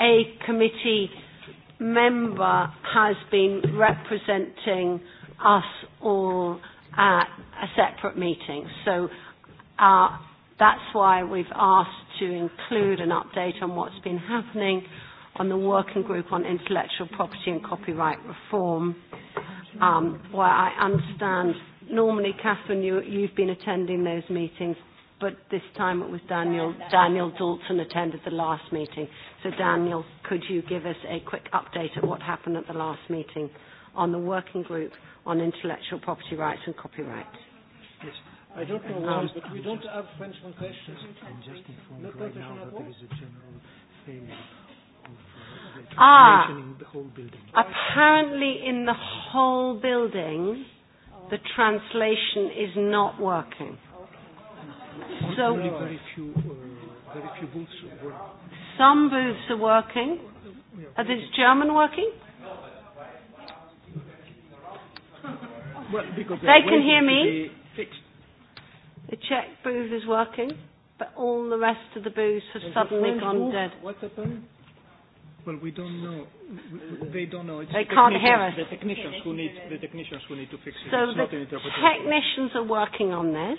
a committee member has been representing us all at a separate meeting. So uh, that's why we've asked to include an update on what's been happening on the working group on intellectual property and copyright reform, um, where I understand normally, Catherine, you, you've been attending those meetings but this time it was Daniel. Daniel Dalton attended the last meeting. So Daniel, could you give us a quick update of what happened at the last meeting on the working group on intellectual property rights and copyright? Yes. I don't know why, um, but we don't have French questions I'm just informed right now that there is a general failure. Of, uh, ah, in the whole building. apparently in the whole building, the translation is not working. So very, very few, uh, very few booths work. Some booths are working. Are these German working? Well, they can hear me. The Czech booth is working, but all the rest of the booths have Is suddenly gone booth? dead. What happened? Well, we don't know. We, They don't know. It's they the can't hear us. The technicians who need the technicians who need to fix it. So it's the not an technicians are working on this.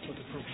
for the program.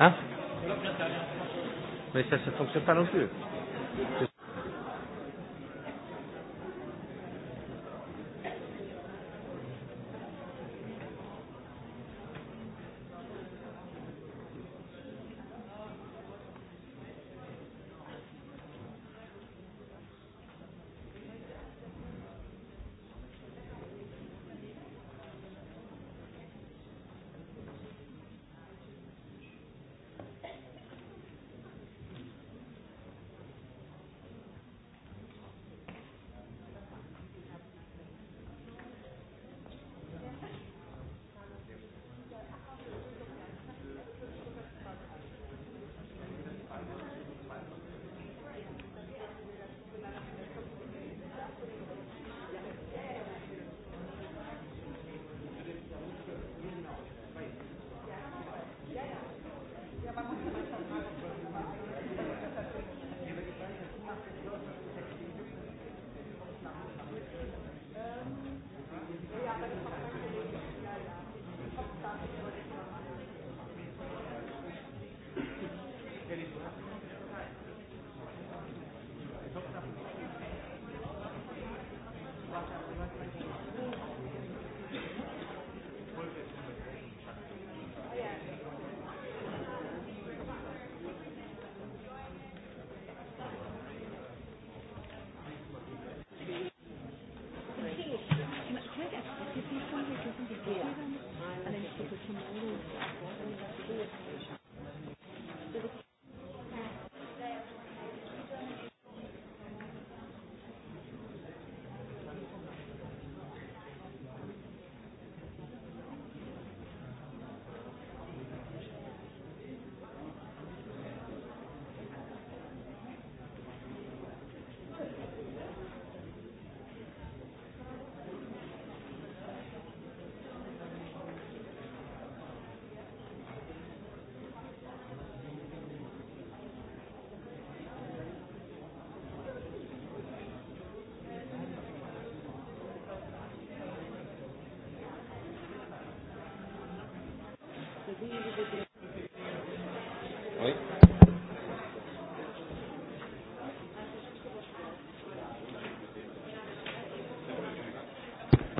Hein Mais ça ne fonctionne pas non plus.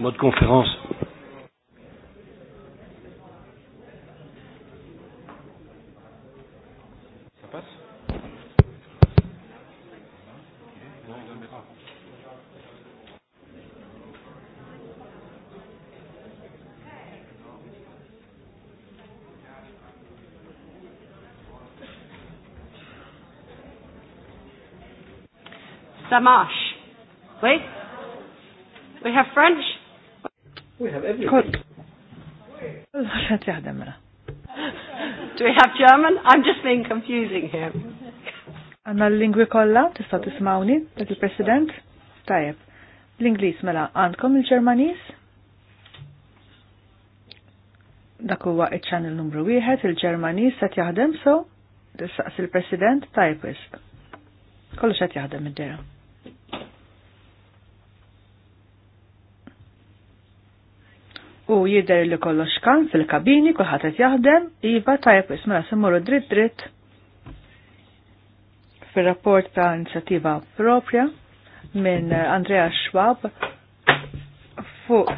mode conférence. Ça passe Ça marche. We have French. Mela. Do we have German? I'm just being confusing here. Għanna l-lingwi kolla, tista' tismawni, dak il-President? Tajab. L-Inglis mela għandkom il-Ġermanis? Dak huwa iċ channel numru wieħed, il-Ġermanis qed jaħdem so, tistaqs il-President tajb wisq. Kollox qed jaħdem id-dera. jider li kollu xkan fil-kabini, kulħadd jaħdem, iva tajb ismela simmuru dritt dritt fil-rapport ta' inizjattiva propja minn Andrea Schwab fuq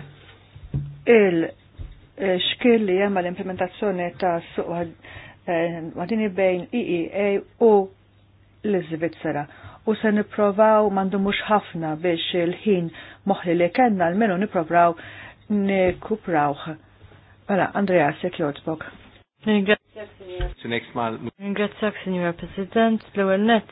il-xkil eh, li jemma l-implementazzjoni ta' suq għadini eh, bejn IEA e u l zvizzera u se niprovaw mandu mux ħafna biex il-ħin moħli li kena l-menu niprovaw nikuprawħ. Bala, mela, Andrea, sekk jodbok. Ringrazzjak, Signor President, l-ewel net,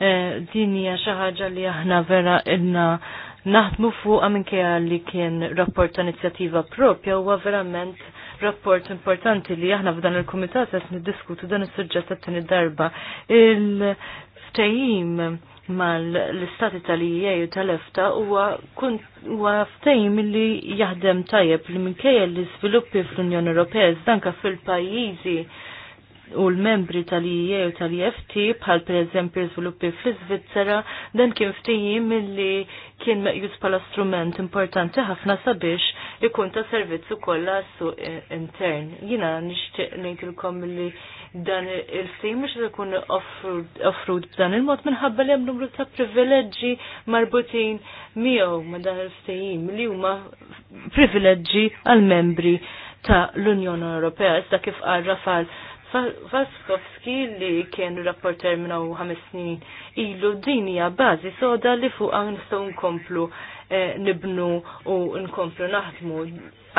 eh, din hija xi ħaġa li aħna vera ilna naħdmu fuq minkejja li kien rapport ta' inizjattiva propja huwa verament rapport importanti li aħna f'dan il-kumitat qed niddiskutu dan is-suġġett qed darba. Il-ftehim mal-istati tal-IEA u tal-EFTA huwa ftejm li jaħdem tajjeb li minkejja li sviluppi fl-Unjoni Ewropea zdanka fil-pajjiżi u l-membri tal-IE u tal-IFT bħal per eżempju sviluppi fl svizzera dan kien ftijim milli kien meqjus bħala strument importanti ħafna sabiex ikun ta' servizzu ukoll su intern. Jina nixtieq ngħidilkom li dan il-ftijim mhux se jkun offrud b'dan il-mod minħabba li hemm numru ta' privileġġi marbutin miegħu ma' dan il-ftijim li huma privileġġi għal membri ta' l-Unjoni Ewropea, issa kif qal Rafal Vaskovski li kien rapporter minna u ħames snin ilu din hija bażi soda li fuq nistgħu nkomplu eh, nibnu u nkomplu naħdmu.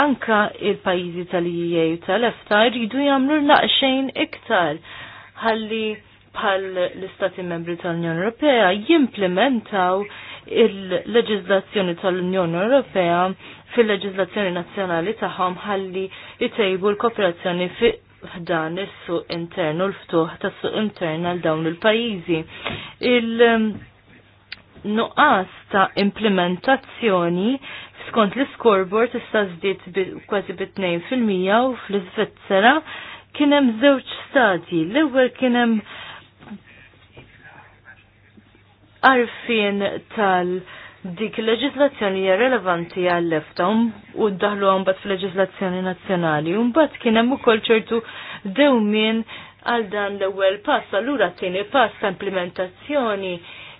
Anka il-pajjiżi tal-IEA tal-EFTA jridu jagħmlu naqxejn iktar ħalli bħal l-Istati Membri tal-Unjoni Ewropea jimplementaw il-leġizlazzjoni tal-Unjoni Ewropea fil-leġizlazzjoni nazzjonali tagħhom ħalli jtejbu l-kooperazzjoni f'dan is-suq internu l-ftuħ tas suq intern għal dawn il-pajjiżi. Il-nuqqas um, ta' implementazzjoni skont l-scoreboard issa żdiet kważi fil 2% u fl-Iżvizzera kien hemm żewġ stadji. L-ewwel kien hemm arfien tal- dik il-leġizlazzjoni hija relevanti għall-leftom u ddaħlu għan bat fil-leġizlazzjoni nazzjonali. Un bat kien hemm ukoll ċertu dewmien għal dan l-ewwel pass, allura t-tieni pass ta' implementazzjoni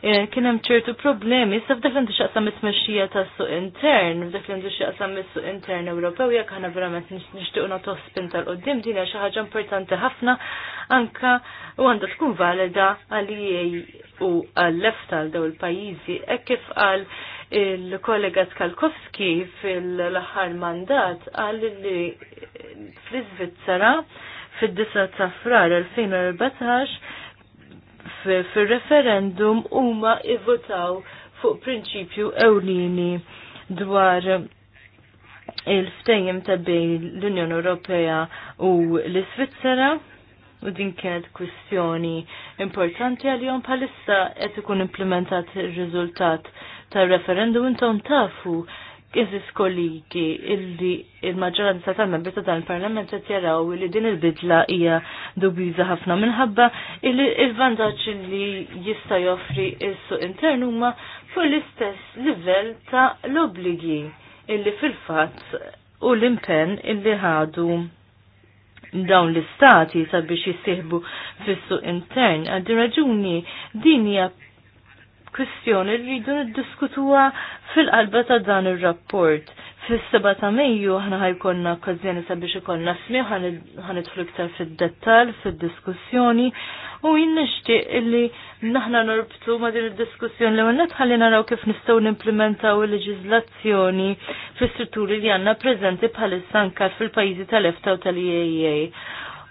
Eh, kien hemm ċertu problemi, sa' f'dak li xaqsa it tas-suq intern, f'dak li xaqsa mis suq intern Ewropew jekk aħna verament nixtiequ nagħtu spin tal-qudiem din hija xi ħaġa importanti ħafna anka u għandha tkun valida għalijej u għal left tal daw il-pajjiżi hekk kif qal il-kollega Tkalkowski fil-aħħar mandat qal li fl-Iżvizzera fid disa ta' frar 2014 fil-referendum huma ivvotaw fuq prinċipju ewlieni dwar il-ftejjem ta' bejn l-Unjoni Ewropea u l-Svizzera u din kienet kwistjoni importanti għal-jom palissa qed ikun implementat ir-riżultat tar referendum intom tafu Kizis kolliki illi il-maġġoranza tal-membri ta' dan il-parlament qed jaraw li din il-bidla hija dubiża ħafna minħabba illi il-vantaġġ li jista' joffri s-suq intern huma fuq l-istess livell ta' l-obligi illi fil-fatt u l-impenn illi ħadu dawn l-istati sabiex jissieħbu fis-suq intern għaddi raġuni din hija kwistjoni rridu niddiskutuha fil-qalba ta' dan ir-rapport. Fis-7 ta' Mejju aħna ħajkonna okkażjoni sabiex ikollna smieħ ħanidħlu iktar fid-dettall fid-diskussjoni u jien nixtieq illi naħna norbtu ma' din id-diskussjoni li għandna tħalli naraw kif nistgħu nimplementaw il-leġiżlazzjoni fl strutturi li għandna preżenti bħalissa anke fil-pajjiżi tal-EFTA u tal-EAA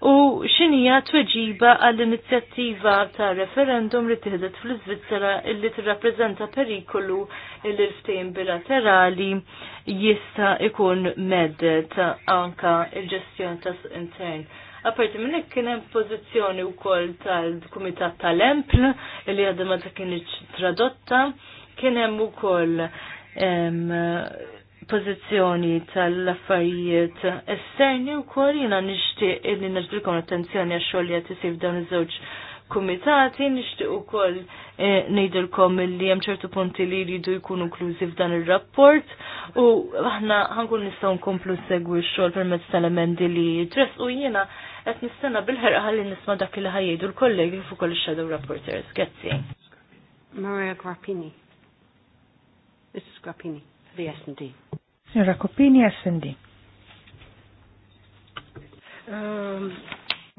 u xinija tweġiba għall-inizjattiva ta' referendum li tiħdet fl svizzera illi tirrappreżenta perikolu l ftehim bilaterali jista' ikun meddet anka il-ġestjoni ta' intern. Aparti minn hekk kien hemm pożizzjoni wkoll tal-Kumitat tal-Empl li għadha ma ta kienx tradotta, kien hemm ukoll pożizzjoni tal-affarijiet esterni u kol jina nishti illi nerġbilkom attenzjoni għax xogħol li qed isir dawn iż-żewġ kumitati, nishtiq ukoll eh, ngħidilkom illi hemm ċertu punti li jridu jkunu inklużi f'dan ir-rapport u aħna għankun nistgħu nkomplu segwi xol xogħol permezz tal-emendi li tres u jiena qed nista'na bil-ħerqa li nisma' dak li ħajjgħidu l-kollegi fu ukoll ix-shadow rapporters. Grazie. Maria Grappini. Mrs. Grappini, the S&D. Sinra Kopini SND. Um, ehm.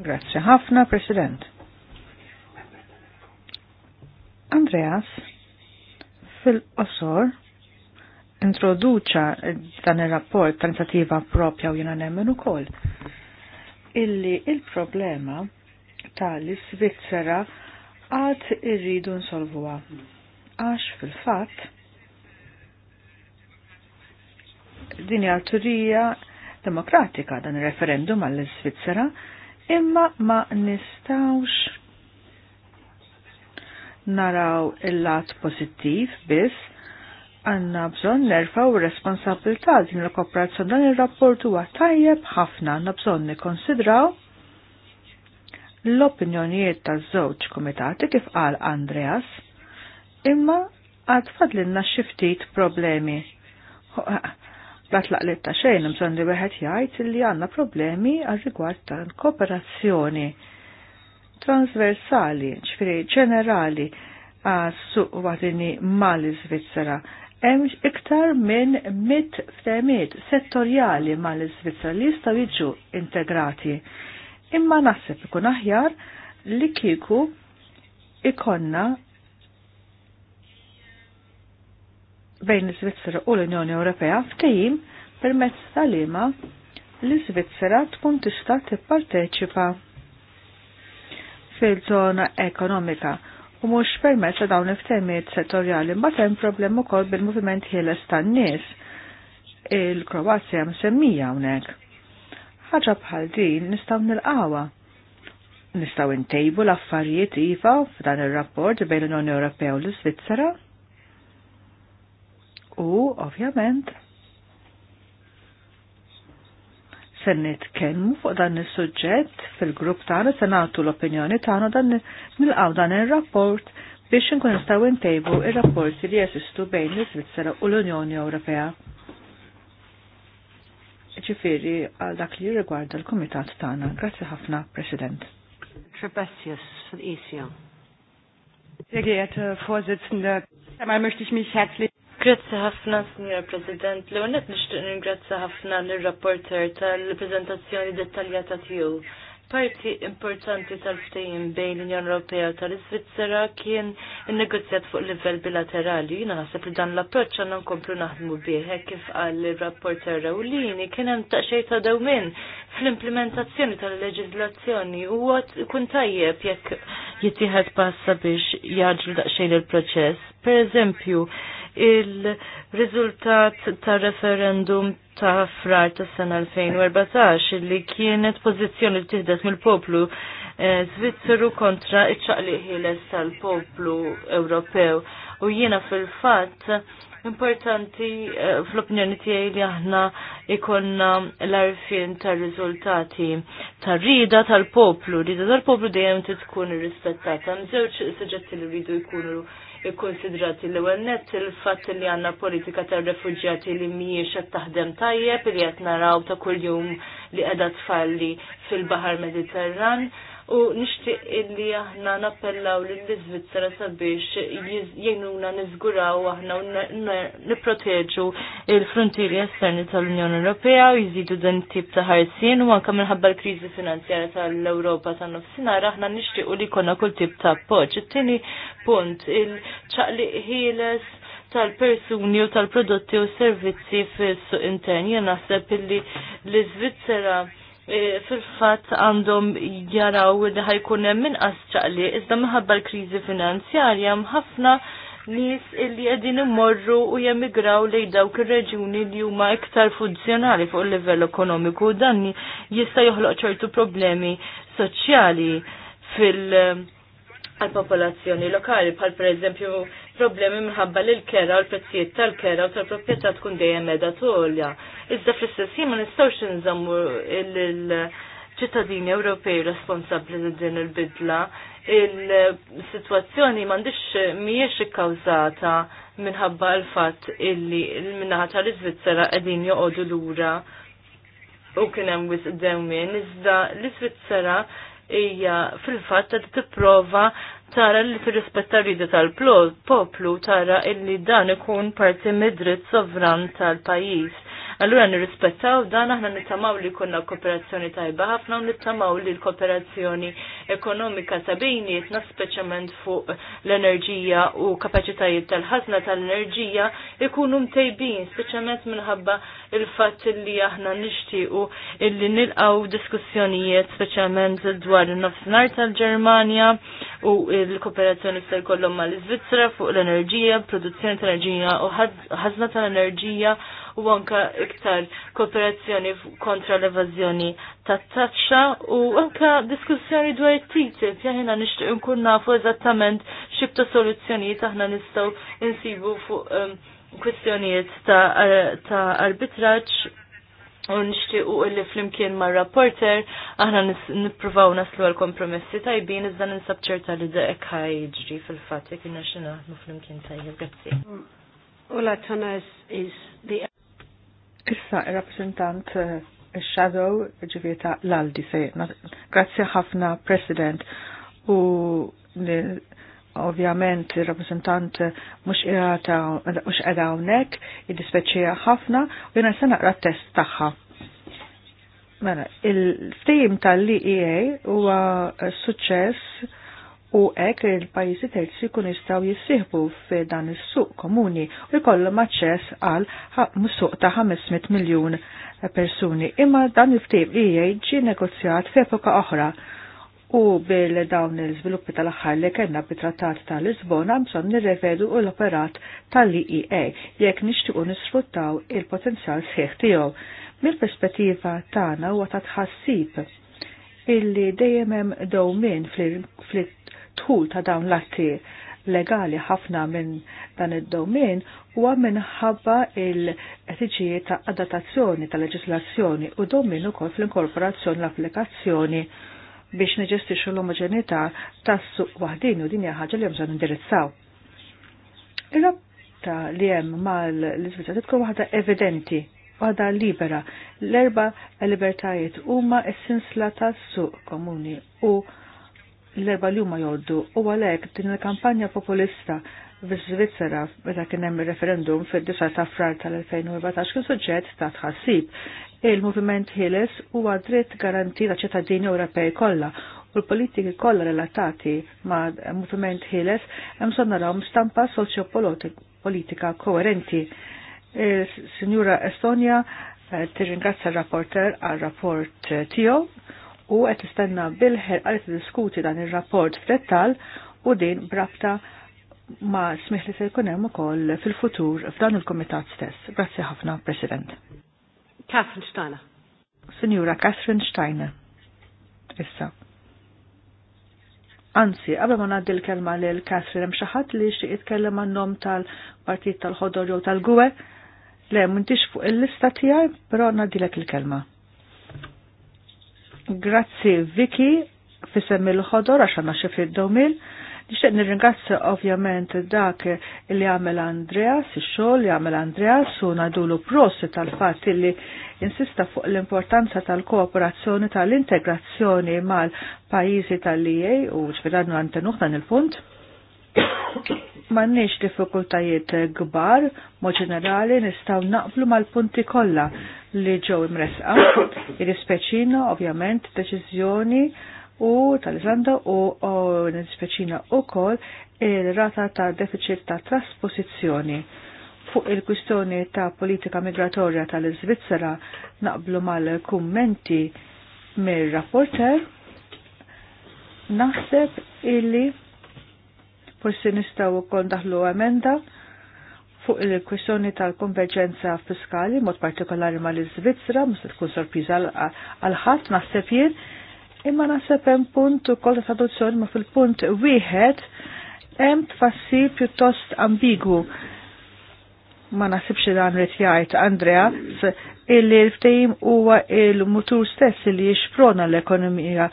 Grazie ħafna, President. Andreas, fil-qosor, introduċa dan il-rapport tentativa inizjattiva propja u jena nemmen u koll. Illi il-problema ta' li Svizzera għad irridu nsolvuwa. Għax fil-fat, din għal-turija demokratika dan referendum għall-Svizzera, imma ma nistawx naraw il-lat pozittiv biss, għanna bżon nerfaw responsabilta din l-kooperazzjoni dan il-rapport huwa tajjeb ħafna għanna bżon nikonsidraw l-opinjonijiet ta' żewġ komitati kif qal Andreas, imma għad fadlinna xiftit problemi batlaq li ta' xejn imżon li weħet jgħid li għandna problemi għal rigward tal-kooperazzjoni transversali, ċfiri ġenerali għas-suq għadini mal-Iżvizzera. Hemm iktar minn mit ftehmiet settorjali mal-Iżvizzera li jistgħu jiġu integrati. Imma naħseb ikun aħjar li kieku ikonna bejn l svizzera u l-Unjoni Ewropea ftehim permezz tal-ima l-Svizzera tkun tista' tipparteċipa fil-żona ekonomika u mhux permezz ta' dawn il-ftehmiet settorjali mbagħad hemm problem ukoll bil-moviment ħieles tan-nies il-Kroazja msemmija hawnhekk. Ħaġa bħal din nistgħu nilqawha Nistgħu intejbu l-affarijiet iva f'dan ir rapport bejn l-Unjoni Ewropea u l-Svizzera? U, ovvjament, se nitkellmu fuq dan is-suġġett fil-grupp tagħna se nagħtu l-opinjoni tagħna dan nilqgħu dan ir-rapport biex inkun nistgħu ntejbu ir-rapporti li jeżistu bejn l-Iżvizzera u l-Unjoni Ewropea. Ġifieri għal dak li jirrigwarda l-Kumitat tagħna. Grazzi ħafna, President. Trebessius fil Sehr geehrte Vorsitzende, einmal möchte ich mich herzlich Grazzi ħafna, Signor President. l għonet nishtiq ringrazzi ħafna l-rapporter tal-prezentazzjoni dettaljata tiegħu. Parti importanti tal-ftejn bejn l-Unjoni Ewropea u tal-Iżvizzera kien innegozjat fuq livell bilaterali. Jiena naħseb li dan l-approċċ għandna nkomplu naħdmu bih kif qal l rapporter Rawlini kien hemm taqxej ta' dewmien fl-implementazzjoni tal-leġiżlazzjoni u kun tajjeb jekk jittieħed passa biex jaġlu daqsxejn il-proċess. Per eżempju, il-riżultat ta' referendum ta' frar ta' sena 2014 li kienet pozizjoni li tiħdet mill-poplu eh, Zvizzeru kontra l ħiles tal-poplu Ewropew. U jiena fil fat importanti eh, fl-opinjoni tiegħi li aħna ikonna l-arfin tar-riżultati tar-rida tal-poplu, rida tal-poplu dejjem tkun irrispettata. Mżewġ suġġetti li rridu jkunu il l-ewwel nett il-fatt li għandna politika tar-refuġjati li mhijiex qed taħdem tajjeb li qed naraw ta' kuljum li qiegħda tfalli fil-Baħar Mediterran u nixtieq illi aħna nappellaw lill-Iżvizzera sabiex jgħinuna niżguraw aħna u nipproteġu il-frontieri esterni tal-Unjoni Ewropea u jżidu dan tip ta' ħarsien u anke minħabba l-kriżi finanzjarja tal-Ewropa tan-nofsinhar aħna nixtiequ li jkollna kull tip ta' appoġġ. It-tieni punt il ċaqli ħieles tal-persuni u tal-prodotti u servizzi fis-suq intern. Jien naħseb illi l-Iżvizzera E, fil-fat għandhom jaraw li ħajkun hemm inqas ċaqli, iżda minħabba l-kriżi finanzjarja ħafna nies li qegħdin immorru u jemigraw lejn dawk ir-reġuni li huma iktar funzjonali fuq il-livell ekonomiku u dan jista' joħloq ċertu problemi soċjali fil- popolazzjoni lokali, bħal pereżempju problemi minħabba li l-kera u l-prezzijiet tal-kera u tal-proprjetà tkun dejjem edha tolja. Iżda fl-istess ma nistgħux nżammu l ċittadini Ewropej responsabbli li din il-bidla. Il-sitwazzjoni m'għandix mhijiex ikkawżata minħabba l-fatt illi l minnaħa tal-Iżvizzera qegħdin joqogħdu lura u kien hemm wisq dewmien iżda l-Iżvizzera hija fil-fatt qed tipprova tara li tirrispetta rridi tal-poplu, tara illi dan ikun parti mid-dritt sovran tal-pajis. Allura nirrispettaw dan aħna nittamaw li konna kooperazzjoni tajba ħafna u nittamaw li l-kooperazzjoni ekonomika ta' bejnietna speċjalment fuq l-enerġija u kapaċitajiet tal-ħazna tal-enerġija ikunu mtejbin speċjalment minħabba il-fatt li aħna nixtiequ illi nilqaw diskussjonijiet speċjalment dwar in-nofsinhar tal-Ġermanja u l-kooperazzjoni se jkollhom mal-Iżvizzera fuq l-enerġija, produzzjoni tal-enerġija u ħazna tal-enerġija. tal enerġija u anka iktar kooperazzjoni kontra l-evażjoni tat taċċa u anka diskussjoni dwar it-TTIP jaħina nixtieq nkun nafu eżattament xibta soluzzjonijiet aħna nistgħu insibu fuq kwestjonijiet ta' arbitraġġ u nixtiequ illi flimkien ma' rapporter aħna nipruvaw naslu għal kompromessi tajbin iżda ninsab ċerta li daqek ħajġri fil-fatt jekk inna xi naħdmu flimkien tajjeb grazzi. Ula Tonas is the Issa, il-rappresentant eh, il-Shadow ġivieta l-Aldi sejna. Grazie ħafna, President. U ovvjament il-rappresentant eh, mux edha unnek, id-dispeċija ħafna, u jena sena għra test taħħa. Mela, il-ftejim tal-LEA huwa eh, suċċess u hekk il-pajjiżi terzi kun jistgħu jissieħbu f'dan is-suq komuni u jkollhom aċċess għal suq ta' 500 miljun persuni. Imma dan il-ftehim ġie negozjat f'epoka oħra u bil dawn il-żviluppi tal-aħħar li kellna bit-Trattat tal Lisbona bżonn nirrevedu u l-operat tal-EEA jekk nixtiequ nisfruttaw il-potenzjal sħiħ tiegħu. Mill-perspettiva tagħna huwa ta' tħassib illi dejjem hemm dowmin fl tul ta' dawn l-atti legali ħafna minn dan id-domin huwa minħabba il-etiċijiet ta' adattazzjoni ta' leġislazzjoni u domin ukoll fl-inkorporazzjoni l-applikazzjoni biex neġestixxu l-omoġenità tas-suq waħdin u din hija ħaġa li bżonn indirizzaw. Ir-rabta li hemm mal-Iżvizzera tkun waħda evidenti, waħda libera. L-erba' libertajiet huma s-sinsla tas-suq komuni u l-erba li huma joddu u għalek din il-kampanja populista fil-Svizzera meta kien hemm referendum fid-9 ta' frar tal-2014 kien suġġett ta' tħassib. il movement Hilles huwa dritt garanti ta' ċittadini Ewropej kollha u l-politiki kollha relatati ma' Movement Hilles hemm sonnarhom stampa soċjopolitika koerenti. Signora Estonia eh, tirringrazza r-rapporter għal rapport eh, tiegħu u qed istenna bilħer ħerqa diskuti dan ir-rapport f'dettal u din brabta ma smiħ li se jkun hemm ukoll fil-futur f'dan il-kumitat stess. Grazzi ħafna, President. Catherine Steiner. Sinjura Catherine Steiner. Issa. Anzi, għabba ma naddil l-kelma lil Catherine hemm xi ħadd li xie jitkellem għannom tal-Partit tal-Ħodor jew tal-Gwe. Le, m'intix fuq il-lista tiegħi, però ngħaddilek il-kelma. Grazzi Viki fissem il-ħodor għax għanna xifri d-domil. Nixtieq nirringrazzja ovvjament dak li għamel Andreas, ix-xogħol li għamel Andreas u nadulu prosi tal-fatt li insista fuq l-importanza tal-kooperazzjoni tal-integrazzjoni mal-pajjiżi tal lijej u ċfiradnu għantenuħ dan il-punt M'għandniex diffikultajiet kbar, mo ġenerali nistgħu naqblu mal-punti kollha li ġew imresqa, irrispeċina ovvjament deċiżjoni u tal-Iżlanda u nispeċina wkoll il-rata ta' deficit ta' trasposizzjoni fuq il-kwistjoni ta' politika migratorja tal-Iżvizzera naqblu mal-kummenti mir-rapporter naħseb illi forsi nistaw ukoll daħlu emenda fuq il-kwistjoni tal-konverġenza fiskali, mod partikolari mal iżvizzra svizzera mus tkun sorpriża għal ħadd naħseb jien, imma naħseb hemm punt ukoll ta' traduzzjoni ma fil-punt wieħed hemm tfassi pjuttost ambigwu. Ma naħsibx dan rid jgħid Andrea illi l-ftehim huwa il-mutur stess li jixprona l-ekonomija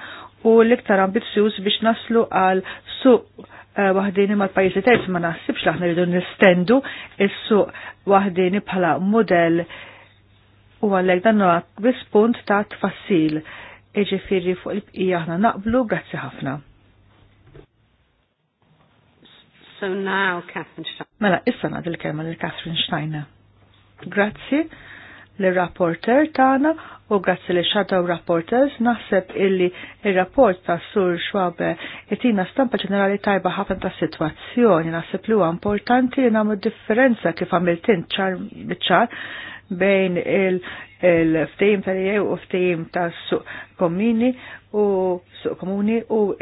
u l-iktar ambizzjuż biex naslu għal suq Eh, waħdini ma' pajjiżi terzi ma naħsibx li aħna rridu nistendu is-suq waħdini bħala model u għallek dan huwa rispont ta' tfassil. Iġifieri fuq il-bqija aħna naqblu, grazzi ħafna. So now, Catherine Steiner. Mela, issa nad il-kelma lil Catherine Steiner. Grazzi l-rapporter tana u grazzi li shadow rapporters naħseb illi il-rapport ta' Sur Schwabe itina stampa ġenerali tajba ħafna ta' situazzjoni naħseb li huwa importanti li nagħmlu differenza kif għamiltin ċar biċċar bejn il ftejm tal u ftejm tas suq komuni u suq komuni u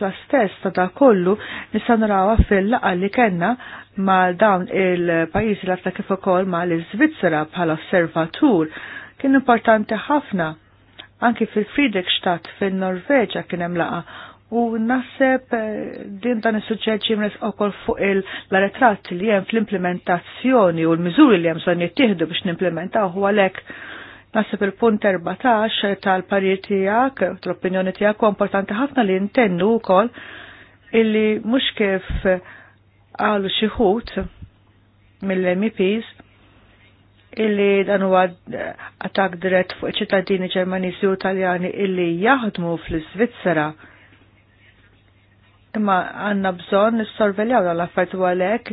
la stess ta' da' kollu nistan rawa fil-laqa li kena ma' dawn il pajis l-afta kif ukoll ma' l-Svizzera bħala osservatur kien importanti ħafna anki fil-Friedrichstadt fil-Norveġa kien hemm laqa U nasseb eh, din dan is-suċċess jimres ukoll fuq il-retratti li hemm fl-implementazzjoni u l-miżuri li hemm son jittieħdu biex nimplementaw u għalhekk nasib il-punt 14 tal-parir tiegħek, tal-opinjoni tiegħek u importanti ħafna li u wkoll illi mhux kif qalu xi mill-MEPs illi dan huwa attak dirett fuq iċ-ċittadini Ġermaniżi u Taljani illi jaħdmu fl svizzera imma għanna bżon nissorveljaw l-affert u għalek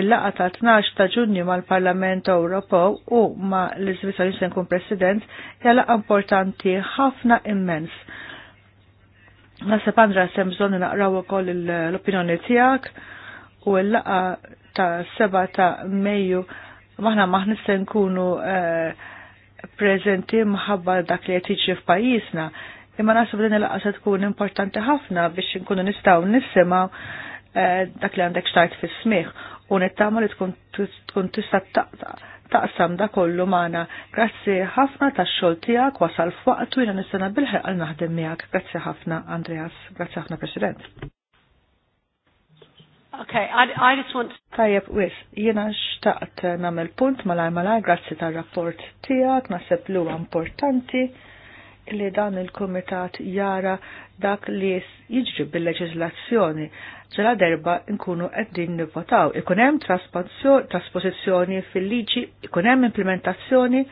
il-laqa ta' 12 ta' ġunju mal-Parlament Ewropew u ma l-Iżvizzar li nkun President hija laqgħa importanti ħafna immens. Nasib Andra sem bżon naqraw ukoll l-opinjoni tiegħek u l-laqa ta' 7 ta' Mejju maħna maħna se nkunu eh, prezenti mħabba dak li qed jiġri f'pajjiżna imma naħseb din il-qasa tkun importanti ħafna biex nkunu nistgħu nisimgħu eh, dak li għandek xtajt fis smih u nittama li tkun tista taqsam da kollu maħna. Grazzi ħafna ta' xol tijak wasal f'waqtu jina nistana bilħer għal naħdem miegħek. Grazzi ħafna, Andreas. Grazzi ħafna, President. Okay, I, I just want to... Tajjeb, wis, jina xtaqt namel punt malaj malaj, grazzi ta' rapport tijak, nasib l importanti li dan il-komitat jara dak li jiġri bil-leġislazzjoni ġela derba nkunu għeddin nivotaw. Ikunem trasposizjoni fil-liġi, ikunem implementazzjoni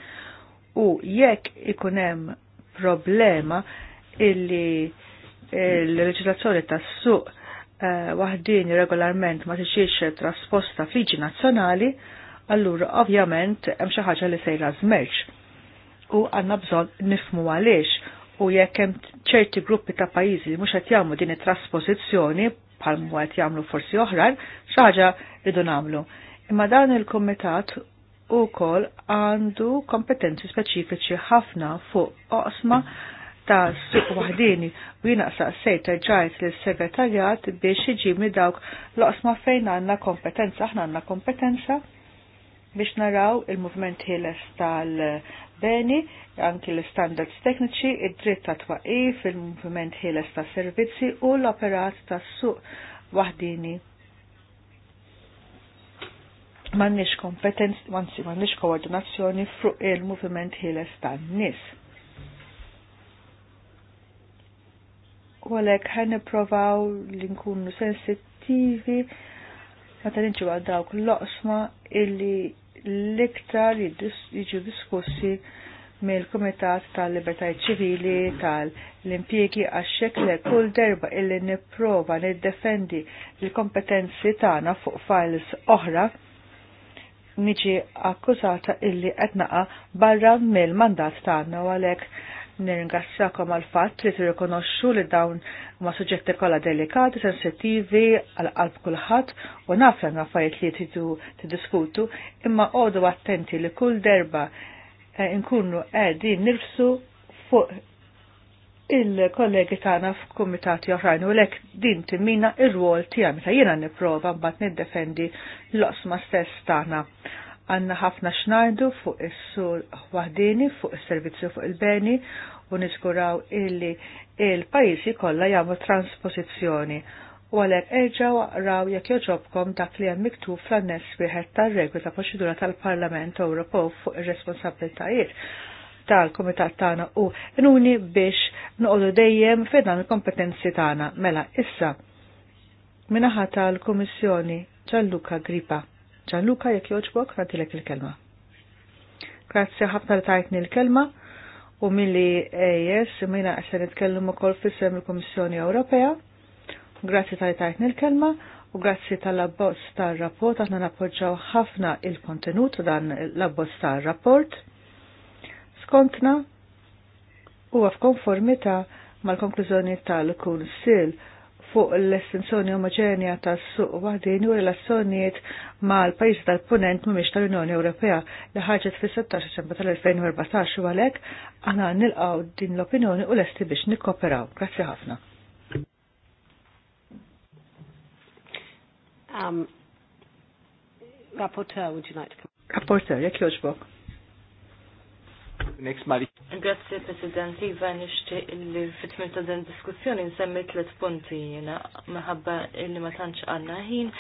u jekk ikunem problema illi l-leġislazzjoni tas-suq eh, wahdin regolarment ma tiġix trasposta fliġi nazzjonali, allura ovvjament hemm xi ħaġa li sejra żmerġ u għanna bżon nifmu għaliex u jekk hemm ċerti gruppi ta' pajjiżi li mhux qed jagħmlu din it-trasposizzjoni bħal qed jagħmlu forsi oħrajn, xi ħaġa rridu nagħmlu. Imma dan il-kumitat ukoll għandu kompetenzi speċifiċi ħafna fuq oqsma ta' suq wahdini u jina saqsejt ġajt l segretarjat biex iġibni dawk osma fejn għanna kompetenza, aħna għanna kompetenza biex naraw il-movement ħieles beni, anki l-standards tekniċi, id-dritt ta' twaqif, il-moviment ħieles ta' servizzi u l-operat ta' suq wahdini. Mannix kompetenz, manzi mannix koordinazzjoni fruq il-moviment ħieles ta' nis. U għalek ħan provaw li nkunu sensittivi ma tal-inġu dawk l-oqsma illi l-iktar jiġu diskussi mill-Kumitat tal libertaj Ċivili tal-Impjegi għax le kull derba illi nipprova niddefendi l-kompetenzi tagħna fuq files oħra niġi akkużata illi qed naqa' barra mill-mandat tagħna u għalhekk Nirringrazzjakom għal fatt li tirrikonoxxu li dawn ma' suġġetti kollha delikati, sensittivi għal qalb kulħadd u naf hemm affarijiet li tridu tiddiskutu, imma għodu attenti li kull derba eh, nkunu qegħdin nirfsu fuq il-kollegi tagħna f'kumitati oħrajn u lek din timmina ir-rwol tiegħek meta jiena nipprova mbagħad niddefendi l-osma stess tagħna għanna ħafna xnajdu fuq is-sur waħdini, fuq is-servizzi fuq il-beni u niskuraw illi il-pajjiżi kollha jagħmlu transpozizjoni. u għalek erġaw raw jekk joġobkom dak li hemm miktu fl-anness wieħed tar-regwi ta' proċedura tal-Parlament Ewropew fuq ir responsabilitajiet tal-Komitat tagħna u nuni biex noqogħdu dejjem fedan il-kompetenzi tagħna. Mela, issa minnaħa tal-Kummissjoni Gianluca Gripa. Ġanluka jekk joġbok natilek il-kelma. Grazzi ħafna li tajtni l-kelma u milli EJS minna għaxa nitkellem ukoll fissem il kummissjoni Ewropea. Grazzi tal tajtni l-kelma u grazzi tal-abbozz tal-rapport aħna nappoġġaw ħafna il-kontenut dan l-abbozz tal-rapport. Skontna huwa f'konformità mal-konklużjoni tal-Kunsill fuq l-estensjoni omogenja tas suq waħdin u relazzjonijiet mal pajis tal-punent mhumiex tal-Unjoni Ewropea li ħarġet fis-16 Deċembru tal-2014 u għalhekk aħna nilqgħu din l-opinjoni u lesti biex nikkoperaw. Grazzi ħafna. Um, rapporteur, would you like to come? Rapporteur, jek joġbok next Mari. Grazie President, Iva nishti li fitmir ta' din diskussjoni nsemmi tlet punti jina maħabba illi ma tantx għanna ħin.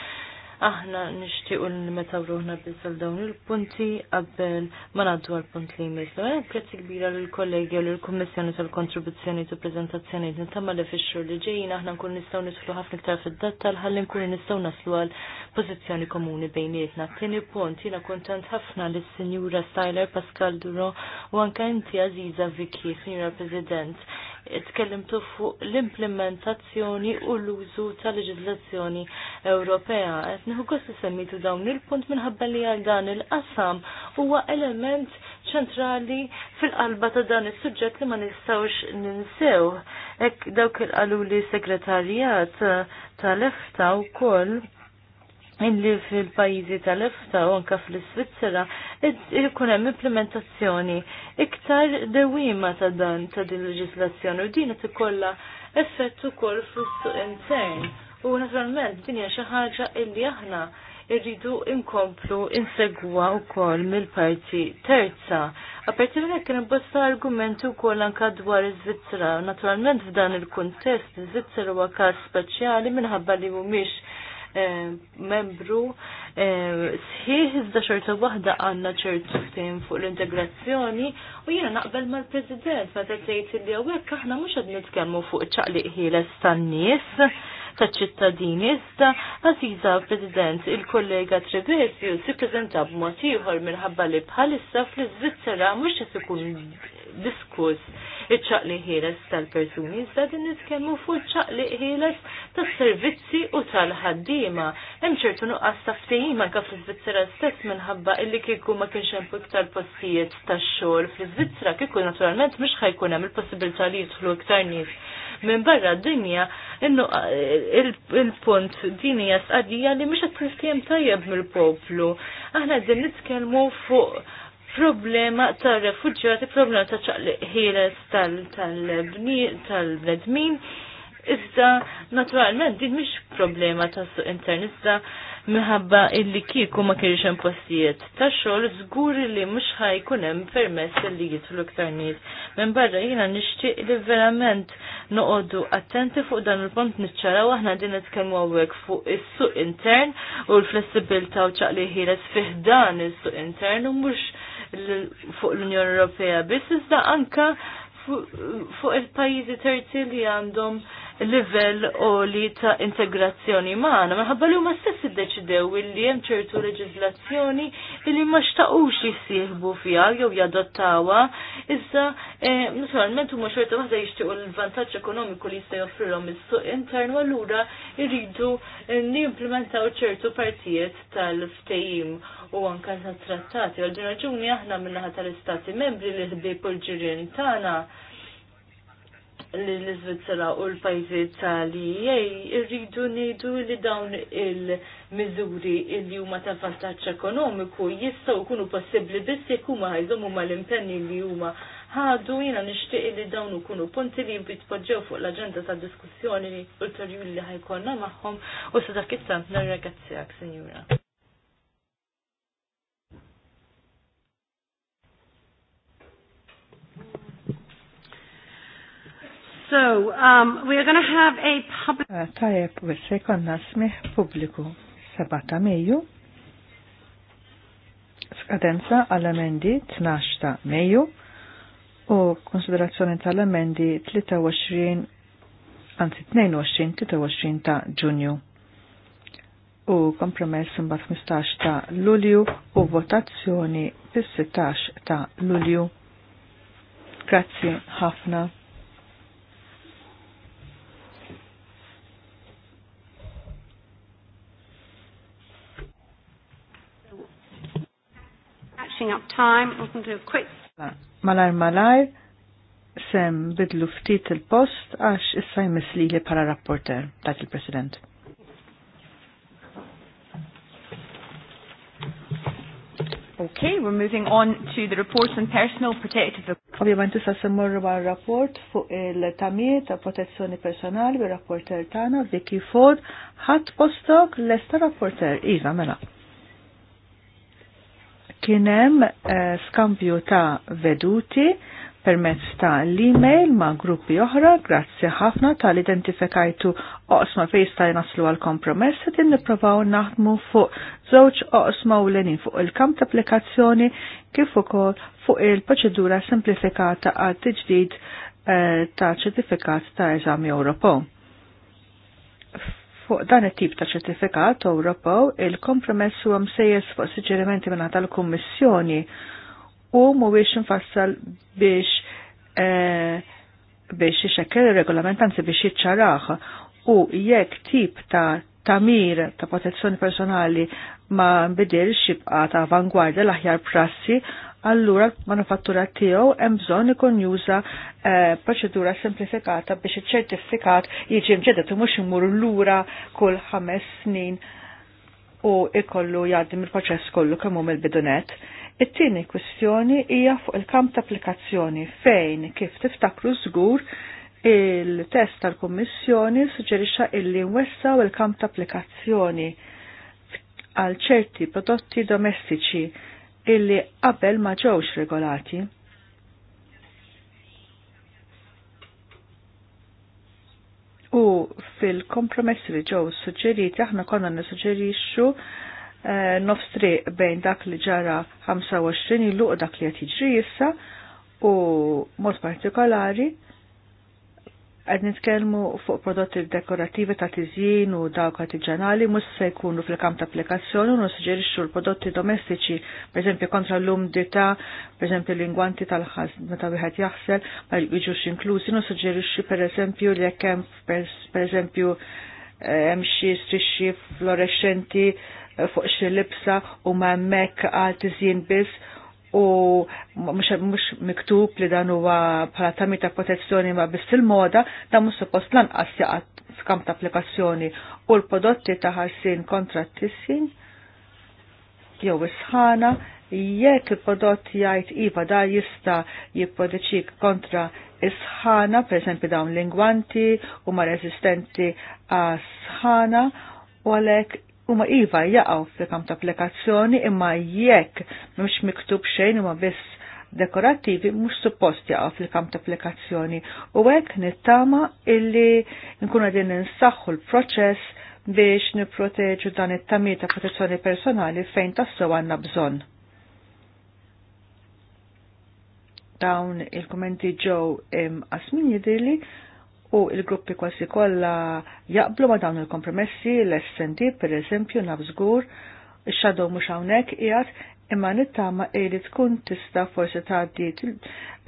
Aħna nixtiequ l metaw ruħna bizzal dawn il-punti qabel ma naddu għal-punt li jmiss. Għan prezzi kbira l-kollegi u l-Kommissjoni tal-Kontribuzzjoni u Prezentazzjoni nintama li fixxu li ġejjina aħna nkun nistgħu nidħlu ħafna iktar fid-dettal ħalli nkun nistgħu naslu għal pożizzjoni komuni bejnietna. Tieni punt jiena kuntent ħafna lis sinjura Styler Pascal Duro u anke inti Aziza Vicky, Sinjura President tkellimtu fuq l-implementazzjoni u l-użu ta' leġislazzjoni Ewropea. Qed nieħu kost semmitu dawn il-punt minħabba li għal dan il-qasam huwa element ċentrali fil-qalba ta' dan is-suġġett li ma nistgħux ninsew. Ek dawk il-qalu li segretarjat tal-EFTA wkoll illi fil-pajizi tal-EFTA u anka fil-Svizzera ikun hemm implementazzjoni iktar dewima ta' dan ta' din leġislazzjoni u din qed ikollha effett ukoll fis intern. U naturalment din hija xi ħaġa illi aħna irridu inkomplu insegwa wkoll mill-parti terza. parti minn hekk bosta argumenti wkoll anke dwar iż-Svizzera. Naturalment f'dan il-kuntest iż-Svizzera huwa każ speċjali minħabba li mhumiex Eh, membru eh, sħiħ iżda xorta waħda għandna ċertu ftehim fuq l-integrazzjoni u jiena naqbel mal-President meta tgħid li hawnhekk aħna mhux qed nitkellmu fuq ċaqliq ħieles tan-nies taċ-ċittadini. Iżda, Aziza, President, il-kollega si prezenta b'mod ieħor minħabba li bħalissa fl-Iżvizzera mhux qed ikun diskuss iċ-ċaqli ħieles tal-persuni, iżda din nitkellmu fuq ċaqli ħieles tal servizzi u tal-ħaddiema. Hemm ċertu nuqqas ta' ftehim anke fl-Iżvizzera stess minħabba illi kieku ma kienx hemm iktar postijiet tax-xogħol fl-Iżvizzera kieku naturalment mhux ħajkun hemm il-possibilità li jidħlu iktar nies minn barra d-dinja, innu eh, il-punt din hija sqarrija li mhux qed tiftiem tajjeb mill-poplu. Aħna din nitkellmu fuq problema ta' refuġjati, problema ta' ċaqliq ħieles tal-bnedmin. Iżda, naturalment, din mhix problema ta' suq intern, iżda minħabba illi kieku ma kienx hemm postijiet ta' xogħol żgur li mhux ħajkun hemm permess li jidħlu iktar nies. Minn barra jiena nixtieq li verament noqogħdu attenti fuq dan il-punt niċċaraw aħna din nitkellmu hawnhekk fuq is-suq intern u l-flessibilità u ċaqli ħieles fih dan is-suq intern u mhux fuq l-Unjoni Ewropea biss iżda anka fuq il-pajjiżi terzi li għandhom livell li ta' integrazzjoni maħna, maħabba li huma stess iddeċidew illi hemm ċertu leġiżlazzjoni illi ma xtaqux jissieħbu fiha jew jadottawa, issa eh, naturalment huma xorta waħda jixtiequ l-vantaġġ ekonomiku li jista' joffrilhom is-suq internu allura jridu eh, nimplementaw ċertu partijiet tal-ftehim u anka tat trattati għal din raġuni aħna mill-naħa tal-istati membri li ħbieb u l-ġirien tagħna l-Svizzera u l-pajzi tal-EA irridu nejdu li dawn il-mizuri li huma ta' vantaġġ ekonomiku jistgħu jkunu possibbli biss jekk huma huma l impenni li huma ħadu jiena nixtieq li dawn ikunu punti li jitpoġġew fuq l-aġenda ta' diskussjoni ulterjuri li ħajkonna magħhom u sa dak it-tant nirregazzjak, Sinjura. So, um, we are going to have a public... Uh, Tajab, we say sekonna smiħ publiku Sabata Mejju. Skadenza għal-emendi 12 ta' Mejju u konsiderazzjoni tal-emendi 23 anzi 22-23 ta' Ġunju u kompromess imbagħad 15 ta' Lulju u votazzjoni fis-16 ta' Lulju. Grazzi ħafna. eating up time. We can do a quick. Malar malar, sem bidlu ftit il-post għax issa jmisli li para rapporter dak il-President. Okay, we're moving on to the reports on personal protective Ovvijament issa semmurru għal rapport fuq il-tamiet ta' protezzjoni personali bi rapporter tana Vicky Ford ħat postok l-esta rapporter Iva mela kienem eh, skambju ta' veduti permezz ta' l-email ma' gruppi oħra, grazzi ħafna tal-identifikajtu oqsma fej staj naslu għal kompromess din nipprovaw naħdmu fuq żewġ oqsma u l-enin fuq il-kamp ta' applikazzjoni kif ukoll fuq il-proċedura simplifikata għal tiġdid eh, ta' ċertifikat ta' eżami Ewropew Fuq dan it-tip ta' ċertifikat Ewropew il-kompromess huwa msejjes fuq suġġerimenti minn tal-Kummissjoni u mhuwiex infassal biex e, biex ixekkel ir-regolament anzi biex jiċċaraħ u jekk tip ta' tamir ta' protezzjoni personali ma bidil xibqa ta' avangwardja l-aħjar prassi, allura manufattura tiegħu hemm bżonn ikun juża eh, proċedura simplifikata biex iċ-ċertifikat jiġi mġedet u mhux imur lura kull ħames snin u ikollu jgħaddim il-proċess kollu kemm hum il-bidunet. It-tieni kwistjoni hija fuq il-kamp ta' applikazzjoni fejn kif tiftakru żgur il-test tal-Kummissjoni suġġerixxa illi nwessaw il-kamp ta' applikazzjoni għal ċerti prodotti domestiċi illi qabel ma ġewx regolati. U fil-kompromessi li ġew suġġeriti aħna konna nisuġġerixxu eh, nofstri bejn dak li ġara 25 u dak li qed jiġri issa u mod partikolari Għed nitkellmu fuq prodotti dekorativi ta' tiżjien u dawk artiġanali mhux se jkunu fil-kamp ta' applikazzjoni u nsuġġerixxu l-prodotti domestiċi, pereżempju kontra l-umdità, pereżempju l ingwanti tal-ħas meta wieħed jaħsel ma jiġux inklużi, nsuġġerixxu pereżempju li jekk hemm pereżempju eh, hemm xi strixxi fluorescenti eh, fuq xi libsa u ma hemmhekk għal tiżjien biss u mhux miktub li dan huwa bħala tami ta' protezzjoni ma' biss il-moda dan mhux suppost lanqas jaqgħad skamp ta' applikazzjoni u l-prodotti ta' ħarsin kontra t-tissin jew isħana jekk il-prodott jgħid iva da jista' jipproduċik kontra isħana, per esempio dawn l-ingwanti huma resistenti għas sħana u għalhekk ma iva jaqgħu fi kam ta' applikazzjoni imma jekk mhux miktub xejn huma biss dekorattivi mhux suppost jaqgħu fil kam ta' applikazzjoni u hekk nittama illi nkunu qegħdin ninsaħħu l-proċess biex nipproteġu dan it-tamir ta' protezzjoni personali fejn tassew għandna bżonn. Dawn il-kommenti ġew asmin jidili u il-gruppi kwasi kolla jaqblu ma dawn il-kompromessi l-SND per eżempju nafżgur, il-xadow mux hawnhekk qiegħed imma nittama li tkun tista' forsi di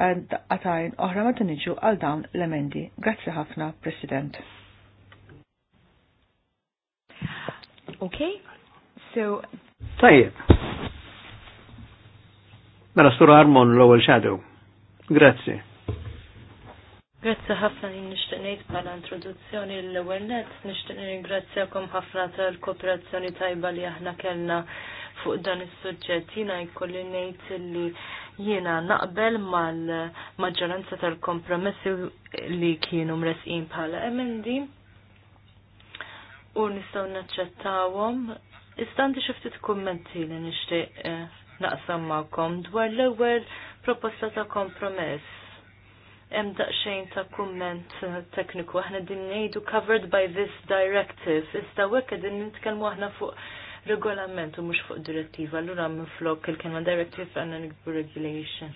għatajn oħra ma tiniġu għal dawn l-emendi. Grazzi ħafna, President. Ok, so... Tajjeb. Mela sura Armon l ewel shadow. Grazzi. Grazzi ħafna li nixtieq ngħid bħala introduzzjoni l ewwel net, nixtieq ningrazzjakom ħafna tal-kooperazzjoni tajba li aħna kellna fuq dan is-suġġett. Jiena jkolli ngħid li jiena naqbel mal-maġġoranza tal-kompromessi li kienu mresqin bħala emendi u nistgħu naċċettawhom. Istanti xi ftit kummenti li nixtieq eh, naqsam magħkom dwar l-ewwel proposta ta' kompromess hemm daqsxejn ta' kumment uh, tekniku. Aħna din ngħidu covered by this directive. Iżda hekk qegħdin nitkellmu aħna fuq regolament u mhux fuq direttiva. Allura minflok il-kelma directive għandna nikbu regulation.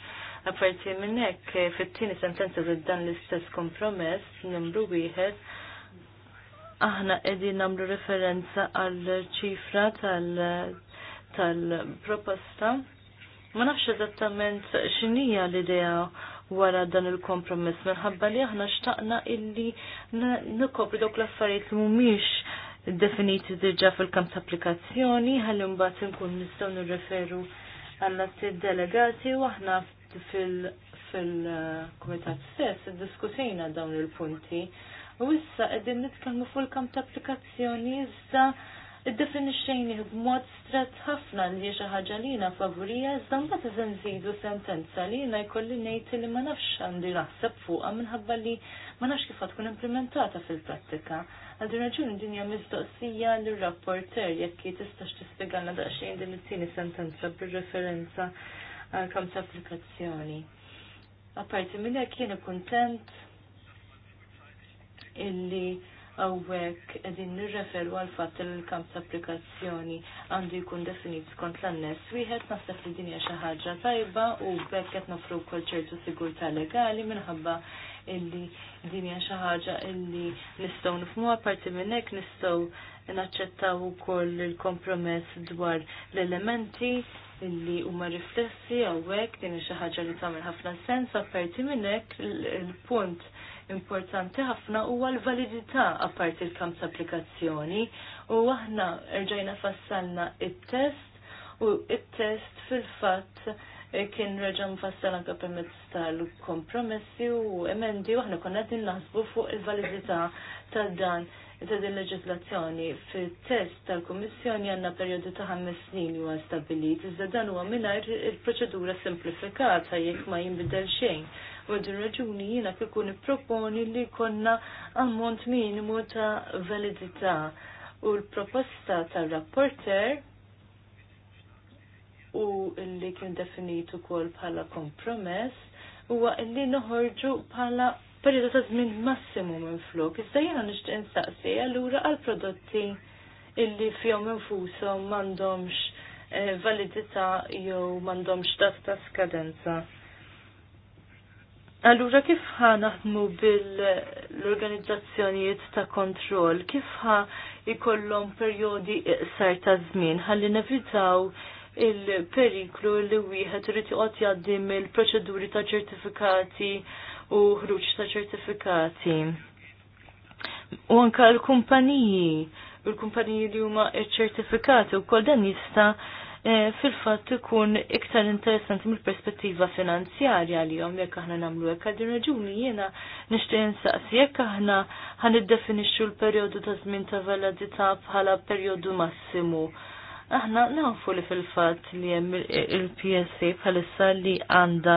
Apparti minn hekk eh, fit-tieni sentenza li dan l-istess kompromess numru wieħed aħna qegħdin nagħmlu referenza għal ċifra tal tal-proposta. Ma nafx eżattament x'inhija l-idea wara dan il kompromiss minħabba li aħna xtaqna illi nikopri dawk l-affarijiet li mhumiex definiti diġà fil-kamp ta' applikazzjoni ħalli mbagħad inkun nistgħu nirreferu għall-atti delegati u aħna fil-kumitat stess iddiskutejna dawn il-punti. U issa qegħdin nitkellmu fuq il-kamp ta' applikazzjoni iżda Did-definixxejni b'mod strett ħafna li xi ħaġa li favurija favorija iżda mbagħad se nżidu sentenza li jiena jkolli ngħid li ma nafx għandi naħseb fuqha minħabba li ma nafx kif tkun implementata fil-prattika. Għal din raġuni din hija mistoqsija lir-rapporter jekk tistax tispjegalna daqsxejn din it-tieni sentenza bir-referenza għal kam ta' applikazzjoni. Apparti minn hekk jien kuntent illi għawwek edin nirreferu għal fatt il-kamp ta' applikazzjoni għandu jkun definit skont l-annes wieħed naħseb li dinja xi ħaġa tajba u bekk qed nofru wkoll ċertu sigurtà legali minħabba illi dinja xi ħaġa illi nistgħu nifhmu apparti minn hekk nistgħu naċċettaw ukoll il-kompromess dwar l-elementi illi huma riflessi għawwek din xi ħaġa li tagħmel ħafna sens apparti minn hekk il-punt il punt importanti ħafna huwa l-validità apparti l-kamp ta' applikazzjoni u aħna rġajna fassalna it-test u it-test fil-fatt eh, kien reġam fassal anka permezz tal-kompromessi u emendi u aħna konna din naħsbu fuq il-validità ta' dan ta' din leġislazzjoni. Fit-test tal-Kummissjoni għandna perjodu ta' ħames snin huwa stabbilit, iżda dan huwa mingħajr il-proċedura simplifikata jekk ma jinbidel xejn. U din raġuni jiena kikun proponi li konna ammont minimu ta' validità. U l-proposta ta' rapporter u li kien definit ukoll bħala kompromess huwa li noħorġu bħala periodu ta' żmien massimu minn flok. Issa jiena nixtieq instaqsi allura għal prodotti illi fihom infushom m'għandhomx eh, validità jew m'għandhomx data ta' skadenza. Allura kif ħa naħdmu bil-organizzazzjonijiet ta' kontroll, kif ħa ikollhom perjodi iqsar ta' żmien ħalli nevitaw il-periklu li wieħed irid joqgħod jgħaddim mill-proċeduri ta' ċertifikati u ħruġ ta' ċertifikati. U anka l-kumpaniji, l-kumpaniji li huma ċertifikati wkoll dan jista' Eh, fil-fatt ikun iktar interessanti mill-perspettiva finanzjarja li jom jekk aħna nagħmlu hekk għadin raġuni jiena nixtieq insaqsi jekk aħna ħaniddefinixxu l-perjodu ta' żmien ta' validità bħala perjodu massimu. Aħna nafu li fil-fatt li hemm il-PSA bħalissa li għandha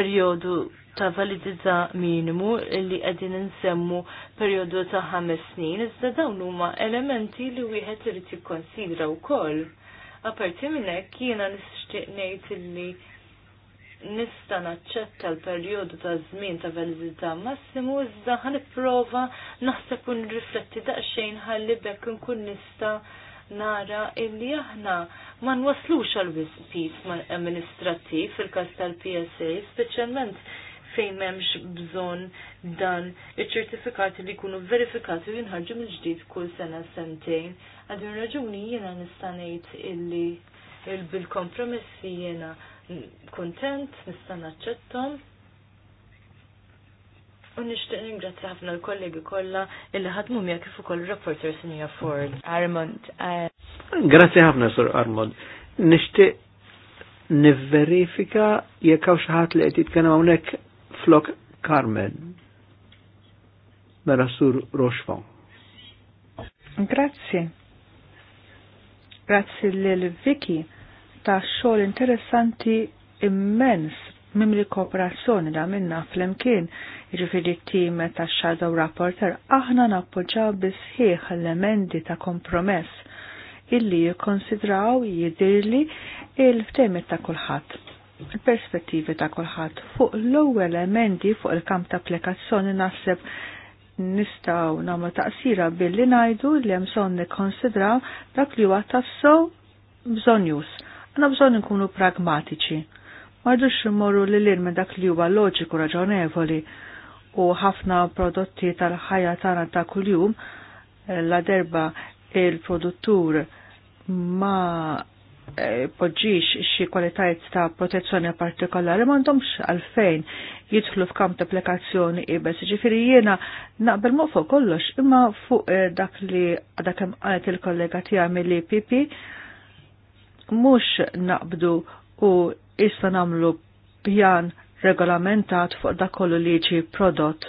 perjodu ta' validità minimu li qegħdin insemmu perjodu ta' ħames snin, iżda dawn huma elementi li wieħed irid jikkonsidra wkoll Aperti minn hekk jiena nixtieq ngħid illi nista' naċċetta l-perjodu ta' żmien ta' validità massimu iżda prova naħseb u nirrifletti daqsxejn ħalli bekk nkun nista' nara illi aħna ma nwaslux għal pis amministrativ fil-każ tal-PSA, speċjalment fejn memx bżon dan iċ-ċertifikati li jkunu verifikati u jinħarġu mill-ġdid kull sena sentejn. Għadin raġuni jiena nistanejt illi il bil-kompromessi jiena kontent, nista' ċettom. U nishtiq ningrazzja ħafna l-kollegi kollha illi ħadmu miegħek kif ukoll reporter Sinja Ford. Armond. Eh. Grazzi ħafna Sur Armond. Nixtieq nivverifika jekk hawn xi ħadd li qed jitkellem hawnhekk flok Carmen. Mera sur Rochefort. Grazie. Grazie l-Viki ta' xogħol interessanti immens mim li kooperazzjoni da' minna fl-imkien ġifiri tim ta' Shadow Rapporter aħna nappoġġaw bisħiħ l-emendi ta' kompromess illi jikonsidraw jidirli il-ftemi ta' kulħadd il-perspettivi ta' kulħadd. Fuq l-ewwel elementi fuq il-kamp ta' applikazzjoni naħseb nistgħu nagħmlu taqsira billi ngħidu li hemm bżonn nikkonsidraw dak li huwa tassew bżonn jus. Għandna bżonn nkunu pragmatiċi. Ma rridux immorru lil ilm dak li huwa loġiku raġonevoli u ħafna prodotti tal-ħajja tagħna ta' kuljum eh, la derba il-produttur ma poġġix xi kwalitajiet ta' protezzjoni partikolari m'għandhomx għalfejn jidħlu f'kamp ta' applikazzjoni ibes. Ġifiri jiena naqbel mo fuq kollox imma fuq eh, dak li dak hemm qalet il-kollega tiegħi mill-IPP mhux naqbdu u issa nagħmlu pjan regolamentat fuq dak kollu liġi prodott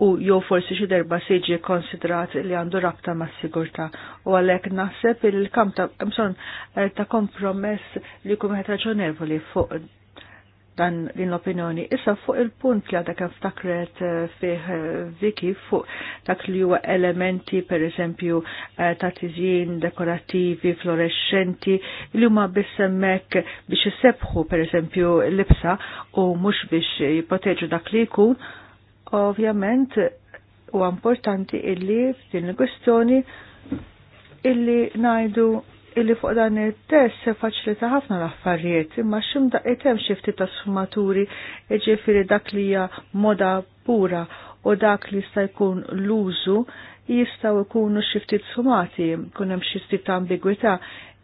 u jew forsi xi derba seġi konsidrat li għandu rabta ma' sigurta u għalhekk naħseb il kam ta' mson eh, ta' kompromess li jkun meħed raġonevoli fuq dan l-opinjoni. Issa fuq il-punt li għadha kif f'takret eh, fih eh, viki fuq dak li huwa elementi per eżempju ta' tiżin, dekorattivi, floresċenti, li huma biss hemmhekk biex isebħu per eżempju l-ibsa u mhux biex jipoteġu dak li jkun Ovvjament huwa importanti illi f'din il-kwestjoni illi ngħidu illi fuq dan it-test se faċlita ħafna l-affarijiet, imma da' item xifti ta' sfumaturi ġifiri dak li hija moda pura u dak li sta jkun l-użu jistgħu jkunu xifti sfumati, kun hemm xi ftit ta' ambigwità,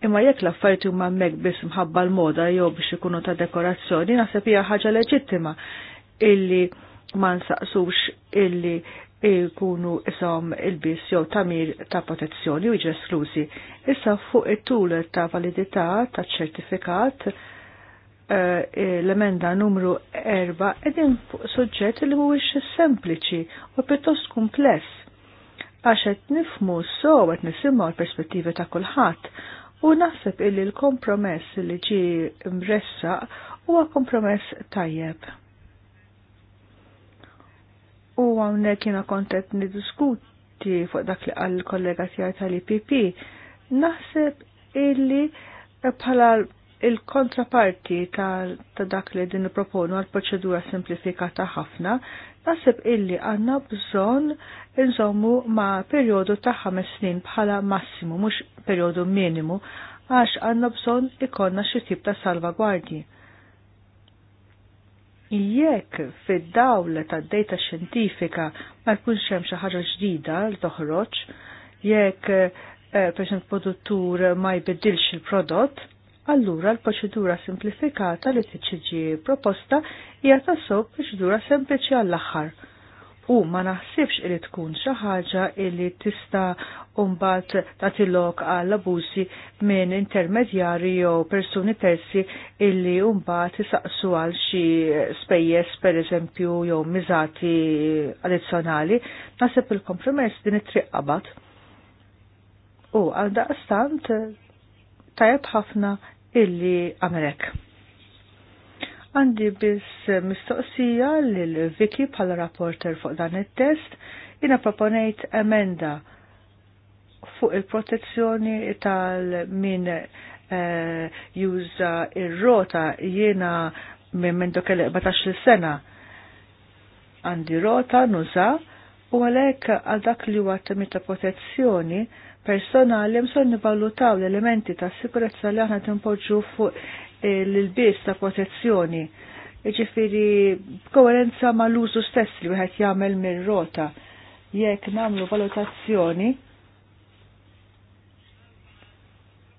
imma jekk l-affarijiet huma hemmhekk biss mħabba l-moda jew biex ikunu ta' dekorazzjoni, naħseb hija ħaġa leġittima illi ma nsaqsux illi ikunu isom il-bis jew tamir ta' protezzjoni u esklusi. Issa fuq it-tul ta' validità ta' ċertifikat eh, l-emenda numru 4 edin fuq suġġett li mhuwiex sempliċi u pjuttost kumpless għax qed nifmu so qed nisimgħu l-perspettivi ta' kulħadd u naħseb illi l-kompromess li ġi mressa huwa kompromess tajjeb U għawnek jena kontet nidiskuti fuq dak li għal kollega tijaj tal-IPP. Naħseb illi bħala il-kontraparti ta' dak li din proponu għal proċedura simplifikata ħafna, naħseb illi għanna bżon nżommu ma' periodu ta' ħames snin bħala massimu, mux periodu minimu, għax għanna bżon ikonna xi tip ta' salvagwardji jekk fid-dawl ta' data xjentifika ma jkunx hemm xi ħaġa ġdida li toħroġ, jekk eh, pereżempju produttur ma jbidilx il-prodott, allura l-proċedura simplifikata li tiġi proposta hija tassew proċedura sempliċi għall-aħħar u ma naħsibx li tkun xi ħaġa li tista' mbagħad tagħtilok għal abusi minn intermedjari jew persuni terzi illi mbagħad isaqsu għal xi spejjeż pereżempju jew miżati addizzjonali, naħseb il-kompromess din it-triq qabad. U għal daqstant tajab ħafna illi għamelek. Għandi biss mistoqsija l-Viki bħala rapporter fuq dan it-test, jina proponejt emenda fuq il-protezzjoni tal-min eh, juża il rota jiena minn minn dok il-sena għandi rota nuża u għalek għal dak li huwa temi ta' protezzjoni personali mson nivalutaw l-elementi ta' sikurezza li aħna timpoġġu fuq l-bis ta' protezzjoni. Ġifiri, koerenza ma' l-użu stess li wieħed jagħmel mir-rota jekk namlu valutazzjoni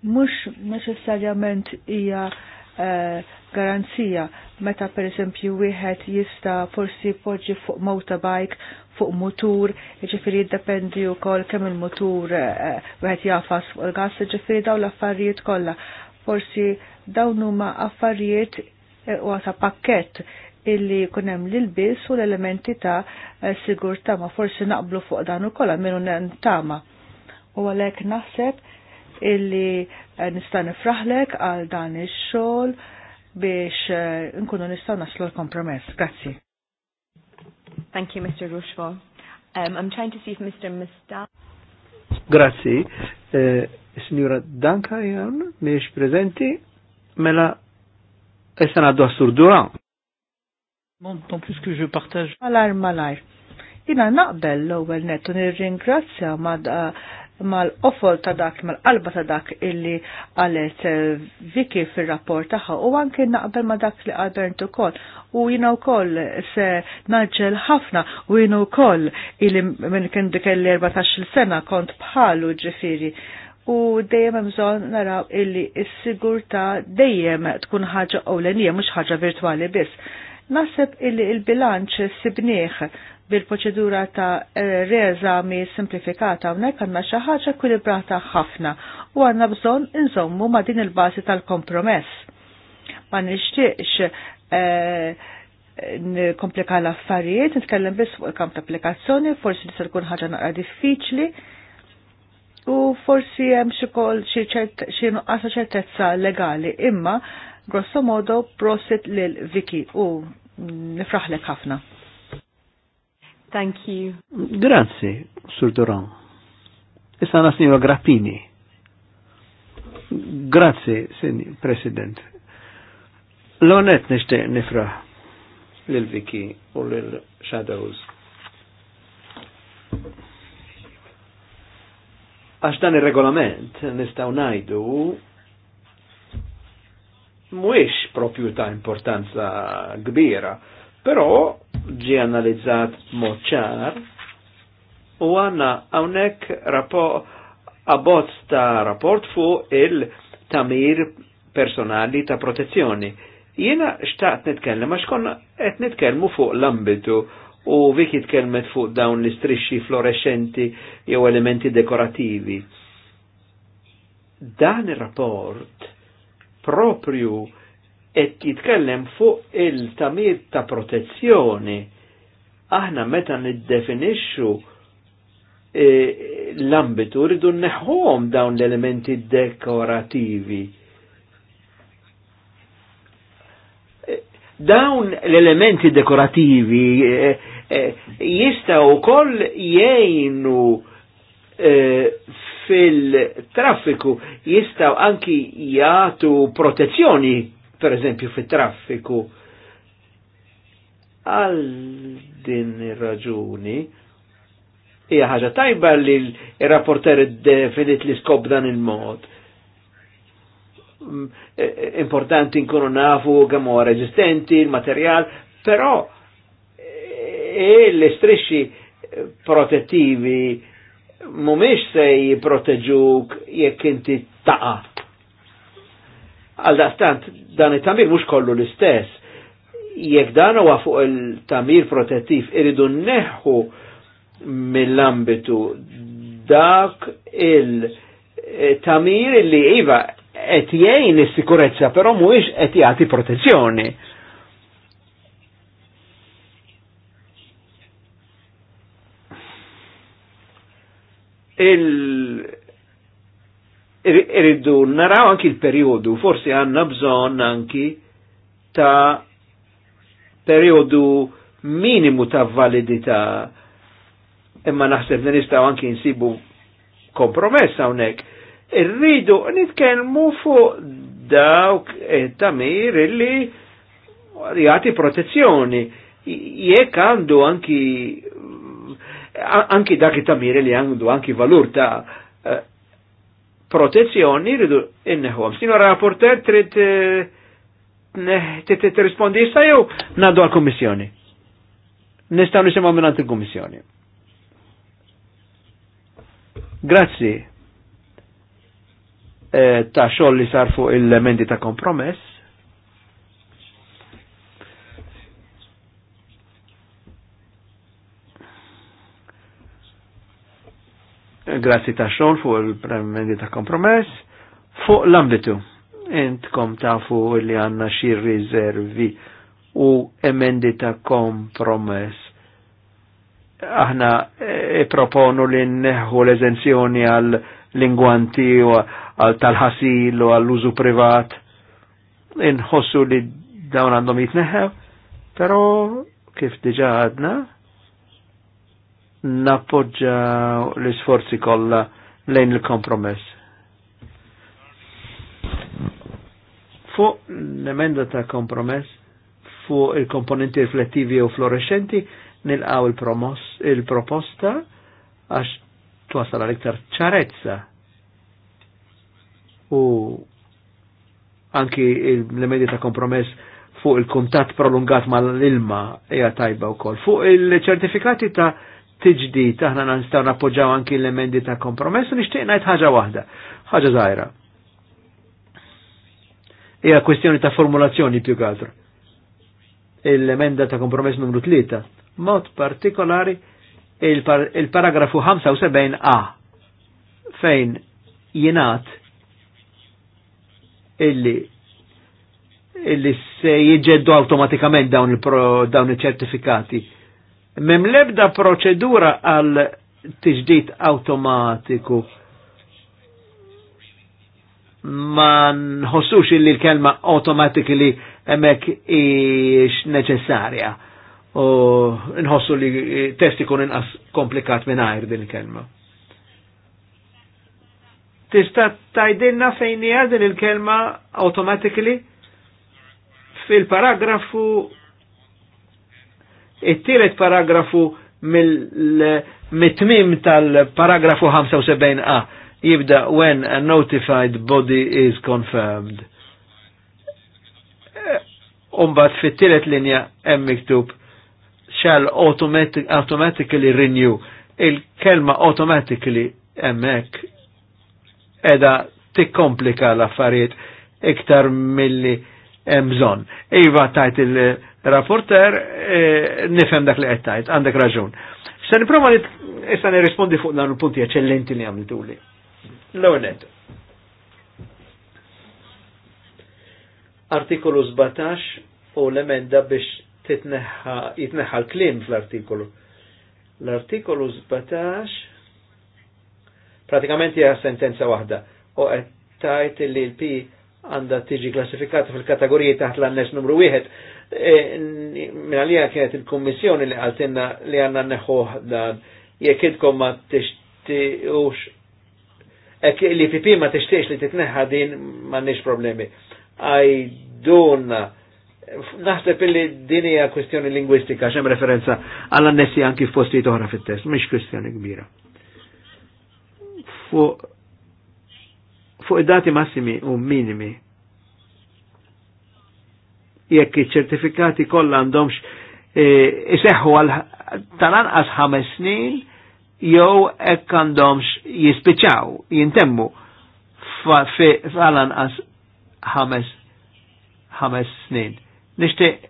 mhux neċessarjament hija eh, garanzija meta per esempio wieħed jista forsi poġġi fuq motorbike, fuq mutur, ġifiri jiddependi wkoll kemm il-mutur eh, wieħed jafas fuq il-gas, ġifiri dawn l-affarijiet kollha forsi dawn huma affarijiet e, u għata pakket illi kunem l-bis u l-elementi ta' e, sigurta ma forsi naqblu fuq dan u kolla minu n-tama. U għalek naħseb illi e, nista' nifraħlek għal dan ix-xogħol biex nkunu nistgħu naslu l-kompromess. Grazzi. Thank you, Mr. Rushfo. Um, I'm trying to see if Mr. Mistal. Grazzi. Uh, Signora Danka jgħan, miex prezenti, mela essa għaddu assurdura. Mon, plus piskju je partaġ. Malar, malar. Jina naqbel l-ewwel nir nirringrazzja mal offol ta' dak, mal-qalba ta' dak illi għalet eh, Viki fil-rapport taħħa u anke naqbel ma' dak li u ukoll u jina wkoll se naġġel ħafna u jina wkoll illi minn kien dik l-14 sena kont bħalu ġifiri u dejjem hemm bżonn naraw illi s-sigurtà dejjem tkun ħaġa ewlenija mhux ħaġa virtwali biss. Naseb illi il-bilanċ sibnieħ bil-proċedura ta' eh, reżami simplifikata hawnhekk għandna xi ħaġa kwilibrata ħafna u għandna bżonn inżommu ma' din il-bażi tal-kompromess. Ma nixtieqx eh, komplika l-affarijiet, nitkellem biss fuq il-kamp ta' applikazzjoni, forsi li tkun ħaġa naqra diffiċli, u forsi hemm xi kol xi nuqqasa ċertezza legali, imma grosso modo prosit lil Viki u nifraħlek ħafna. Thank you. Grazzi, Sur Duran. Issa nasniro Grappini. Grazzi, President. L-onet nishtiq nifraħ lil Viki u lil Shadows Għax dan il-regolament nistaw najdu mwix propju ta' importanza kbira, però ġi analizzat moċar u għanna għawnek abbozz ta' rapport fuq il-tamir personali ta' protezzjoni. Jiena xtaqt nitkellem għax konna qed nitkellmu fuq l-ambitu u vikit kelmet fuq dawn l-istrixxi fluorescenti jew elementi dekorativi. Dan ir-rapport propju qed jitkellem fuq il-tamir ta' protezzjoni. Aħna meta niddefinixxu e, l-ambitu rridu neħħom dawn l-elementi dekorativi. E, dawn l-elementi dekorativi e, Eh, jista u koll jgħinu eh, fil-traffiku jistaw anki jgħatu protezzjoni, per eżempju, fil-traffiku. Għal din raġuni, hija ħaġa tajba li l-rapporter definit li skob dan il-mod. Mm, eh, importanti nkunu nafu għamu huwa reżistenti, il-materjal, però e l istrixxi eh, protettivi mumiex se jiproteġuk jekk inti taqa. Għaldaqstant dan it-tamir mux kollu l-istess. Jekk dan huwa fuq il-tamir protettiv, iridu neħu mill-ambitu dak il-tamir li iva qed jgħin is-sikurezza, però mhuwiex qed jagħti protezzjoni. irridu naraw anki il periodu forsi għanna bżon anki ta' periodu minimu ta' validità, imma naħseb li nistaw anki nsibu kompromessa hawnhekk. Irridu nitkellmu fuq dawk eh, tamir illi jagħti protezzjoni. Jekk għandu anki anki dak it-tamir li għandu anki valur ta' eh, protezzjoni rridu inneħom. Sino rapporter trid eh, tirrispondi jista jew ngħaddu għall-Kummissjoni. Nistgħu nisimgħu mingħand il-Kummissjoni. Grazzi eh, ta' xogħol li sar fuq il-emendi ta' kompromess. grazzi ta' xol fuq il-premendi ta' kompromess, fuq l-ambitu. Intkom ta' fuq li għanna xi rizervi u emendi ta' kompromess. Aħna e, e proponu li neħu l-eżenzjoni għal lingwanti u għal tal-ħasil u għall-użu privat. Inħossu li dawn għandhom jitneħew, pero kif diġa għadna, nappoġġa l-isforzi kollha lejn il-kompromess. Fuq l-emenda ta' kompromess fuq il-komponenti riflettivi u fluorescenti nilqaw il-proposta għax twasal għal-iktar ċarezza u anki l-emenda ta' kompromess fuq il-kuntat prolungat mal-ilma hija tajba wkoll. Fuq il-ċertifikati ta' Tiġdi aħna nistgħu nappoġġaw anki l-emendi ta' kompromess u nixtieq ngħid ħaġa waħda, ħaġa żgħira. Hija kwestjoni ta' formulazzjoni più kadra. l emenda ta' kompromess numru 3, mod partikolari il-paragrafu il paragrafu 75 a fejn jenat illi illi se jieġeddu automatikament dawn il-ċertifikati. Mem lebda proċedura għal tiġdid automatiku ma nħossux li l-kelma li emmek ix neċessarja. U nħossu li testi kun inqas komplikat minn għajr din il-kelma. Tista tajdinna fejn hija din il-kelma automatikli? Fil-paragrafu it-tielet paragrafu mill-mitmim tal-paragrafu 75a jibda when a notified body is confirmed. Eh, Umbat fit-tielet linja hemm miktub shall automatic, automatically renew. Il-kelma automatically emmek edha tikkomplika l-affarijiet iktar milli hemm bżonn. Iva tajt il- rapporter e, nifhem dak li qed għandek raġun. Se nipprova li issa nirrispondi fuq dan il-punti eċċellenti li għamiltu li. L-ewwel Artikolu 17 u l-emenda biex jitneħħa l-klim fl-artikolu. L-artikolu 17 pratikament hija sentenza waħda u qed tajt li l pi għandha tiġi klassifikata fil-kategoriji taħt l annex numru wieħed. E, minna mela li kienet il-kommissjoni li għaltinna li għanna neħuħ dan, jek idkom ma t-ixtiqux, li PP ma t-ixtiqx li t-tneħħa din ma nix problemi. Għajduna, naħseb li din hija kwestjoni lingwistika, xem referenza għall nessi anki f-posti toħra fit-test, mux kwestjoni kbira. Fuq id-dati massimi u minimi, jekk iċ-ċertifikati kollha għandhomx e, iseħħu għal tal-anqas ħames snin jew hekk għandhomx jispiċċaw, jintemmu f'għal-anqas ħames ħames snin. Nixtieq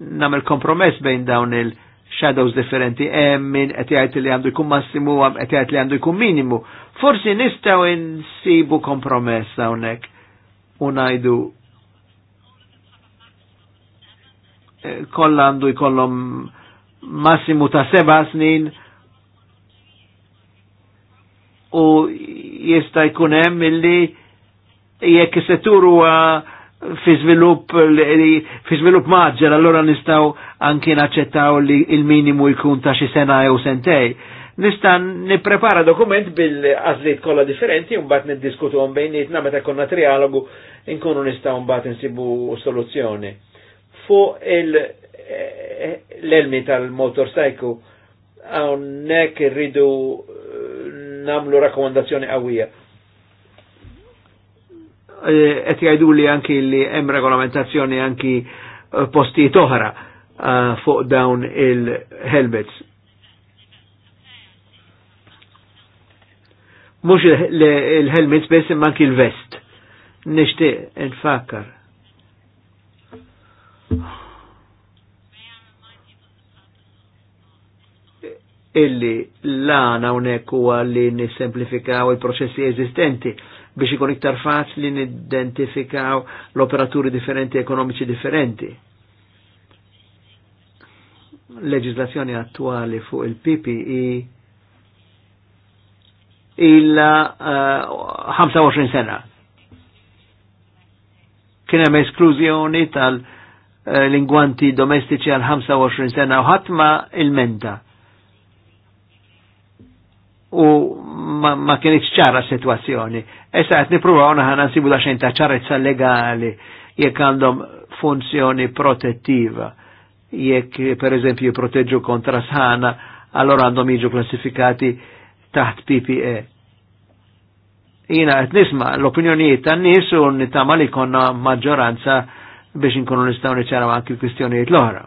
nagħmel kompromess bejn dawn il-shadows differenti hemm min qed jgħid li għandu jkun massimu għam qed jgħid li għandu jkun minimu. Forsi nistgħu insibu kompromess hawnhekk u ngħidu kollandu jkollhom massimu ta' seba snin u jista' jkun hemm illi jekk is-settur huwa fi żvilupp fi żvilupp maġġer allora nistgħu anki naċċettaw li il-minimu jkun ta' xi sena jew sentej. Nista' nipprepara dokument bil-għażliet kollha differenti u mbagħad niddiskutuhom bejnietna meta konna trialogu nkunu nistgħu mbagħad insibu soluzzjoni fuq l-elmi tal-motorcycle għonnek rridu eh, namlu rakomandazzjoni għawija. Et eh, jajdu li anki li hemm regolamentazzjoni anki eh, posti toħra fuq dawn il-helmets. Mux il-helmets bess manki il-vest. Nishtiq, infakkar illi l-għana unek u għalli nisemplifikaw il-proċessi eżistenti biex ikun iktar faċ li nidentifikaw l-operaturi differenti ekonomiċi differenti. Leġislazzjoni attuali fuq il-PPI il-25 uh, sena. Kienem esklużjoni tal- Eh, l-ingwanti domestiċi għal 25 sena u ħatma il-menta. U ma, ma ċara situazzjoni. Issa għet nipruvaw naħan nsibu da xejn ta' ċarezza legali jekk għandhom funzjoni protettiva. Jekk per eżempju proteġu kontra sħana, allora għandhom jiġu klassifikati taħt PPE jina għet nisma l-opinjonijiet tan nis u nittama li konna maġġoranza biex inkunu nistaw niċċaraw anki l-kwistjonijiet l-oħra.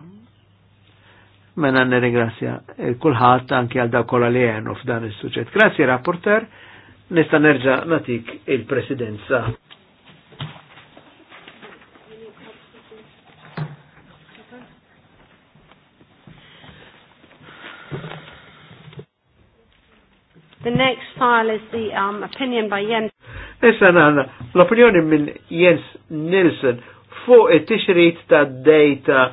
Mena nirringrazzja eh, kulħadd anki għal dawk kolla li għenu f'dan is suċet Grazzi rapporter, nista' nerġa' natik il-presidenza. The next file is the um, opinion by Jens. Nessa nana, l-opinjoni minn Jens Nilsson fuq it-tixrid ta' data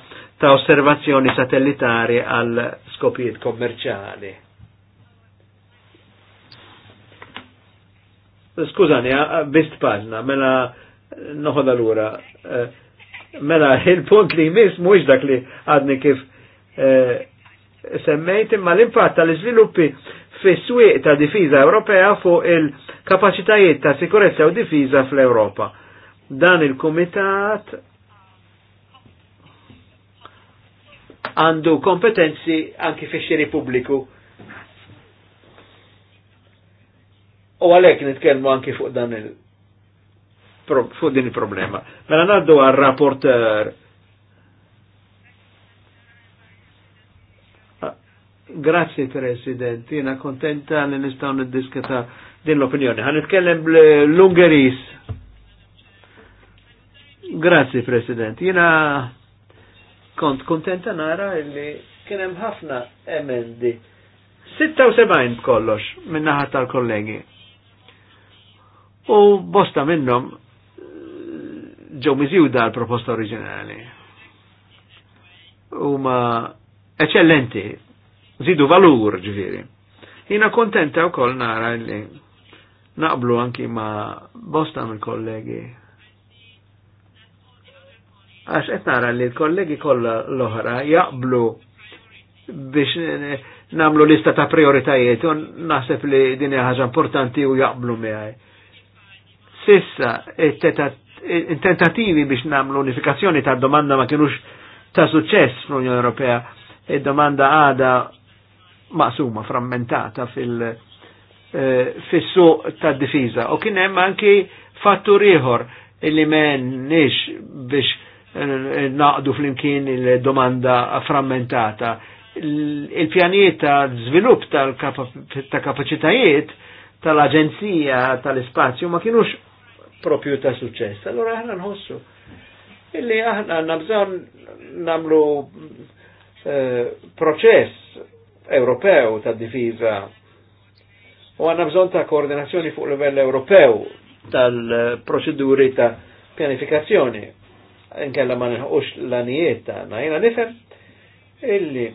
ta' osservazzjoni satellitari għal skopijiet kommerċali. Skużani, bist paġna, mela noħod allura. Eh, mela, il-punt li jmiss mux dak li għadni kif eh, semmejt ma l-impatt tal-iżviluppi fis-swieq ta' difiża Ewropea fuq il-kapaċitajiet ta' sikurezza u difiża fl-Ewropa Dan il-komitat għandu kompetenzi anki fi xiri pubbliku. U għalek nitkellmu anki fuq dan il fuq din il-problema. Mela naddu għal rapporter ah, Grazie President, jena kontenta li nistaw niddiskata din l-opinjoni. Għan nitkellem l-Ungeris. Grazzi, President. Jina kont kontenta nara illi kien hemm ħafna emendi. 76 kollox minnaħa tal-kollegi. U bosta minnhom ġew miżjuda l-proposta oriġinali. Huma eccellenti, zidu valur ġifieri. Jina kontenta wkoll nara illi naqblu anki ma bosta mill-kollegi Għax qed nara li l-kollegi kollha l-oħra jaqblu biex namlu lista ta' prioritajiet u naħseb li din hija ħaġa importanti u jaqblu miegħi. Sissa, tentativi biex namlu unifikazzjoni ta' domanda ma kienux ta' suċċess fl-Unjoni Ewropea. Id-domanda għada maqsuma, frammentata fil- eh, fissu ta' difiża. U kien hemm anki fattur ieħor li m'għandniex biex naqdu flimkien il-domanda frammentata. il pjanieta ta' żvilupp ta' kapacitajiet tal-Aġenzija tal-Ispazju ma kienux propju ta' suċċess. Allora aħna nħossu illi aħna nabżon bżonn nagħmlu eh, proċess Ewropew ta' difiża u għanna bżon ta' koordinazzjoni fuq livell Ewropew tal-proċeduri ta' pjanifikazzjoni nkella ma nħuqux l-anijiet ta' Jiena nifhem illi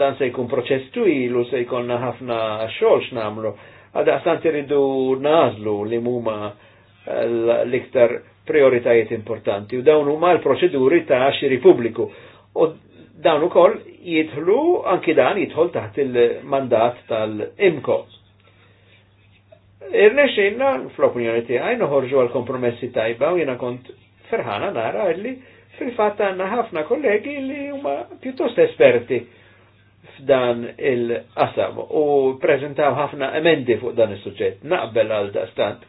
dan se jkun proċess twil u se jkollna ħafna xogħol x'namlu. Għadaqstant iridu nażlu li huma eh, l-iktar prioritajiet importanti u dawn huma l-proċeduri ta' xiri pubbliku. U dawn ukoll jidħlu anki dan jidħol taħt il-mandat tal-IMCO. Irnexxinna fl-opinjoni tiegħi noħorġu għal kompromessi tajba u jiena kont ferħana nara li fil-fatt għanna ħafna kollegi li huma pjuttost esperti f'dan il-qasam u prezentaw ħafna emendi fuq dan is-suġġett. Naqbel għal stant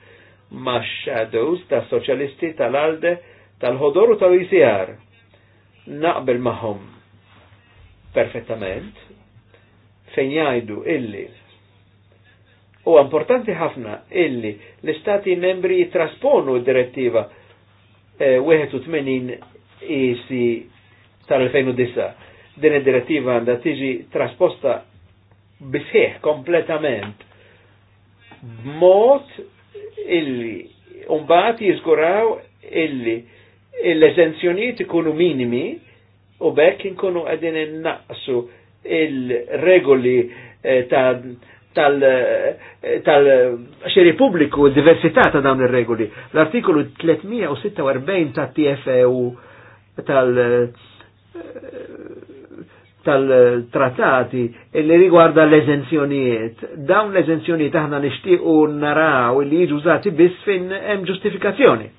ma' shadows ta' soċjalisti tal-alde tal-ħodor u tal-ICR. Naqbel magħhom perfettament fejn jgħidu illi U importanti ħafna illi l-istati membri jitrasponu d-direttiva 81 eh, isi e tal-2009. Din id-direttiva għandha tiġi trasposta bisħieħ kompletament b'mod illi umbat jizguraw illi l-eżenzjonijiet ikunu minimi u bekk inkunu għedin innaqsu il-regoli eh, ta' tal-xeri tal, pubbliku, diversità ta' dawn ir-regoli. L-artikolu 346 ta' TFEU tal- tal-trattati li rigwarda l-eżenzjonijiet. Dawn l-eżenzjonijiet aħna nixtiequ naraw li jiġu użati biss fin hemm ġustifikazzjoni.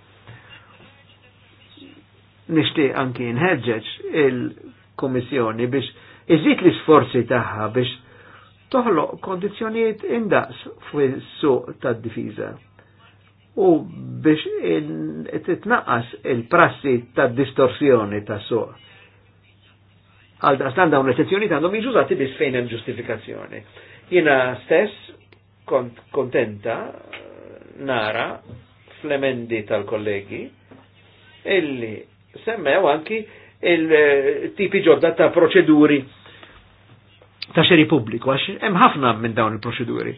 Nixtieq anki nħeġġeġ il-Komissjoni biex iżid l-isforzi tagħha biex toħloq kondizjoniet indaqs fil suq tad-difiża. U biex titnaqqas il-prassi tad-distorsjoni tas-suq. Għal standa dawn l-eċezzjoni għandhom jiġużati biex fejn hemm ġustifikazzjoni. Jiena stess kont kontenta nara fl-emendi tal-kollegi illi semmew anki il-tipi ġodda ta' proċeduri ta' xeri pubbliku, għax hemm ħafna minn dawn il-proċeduri.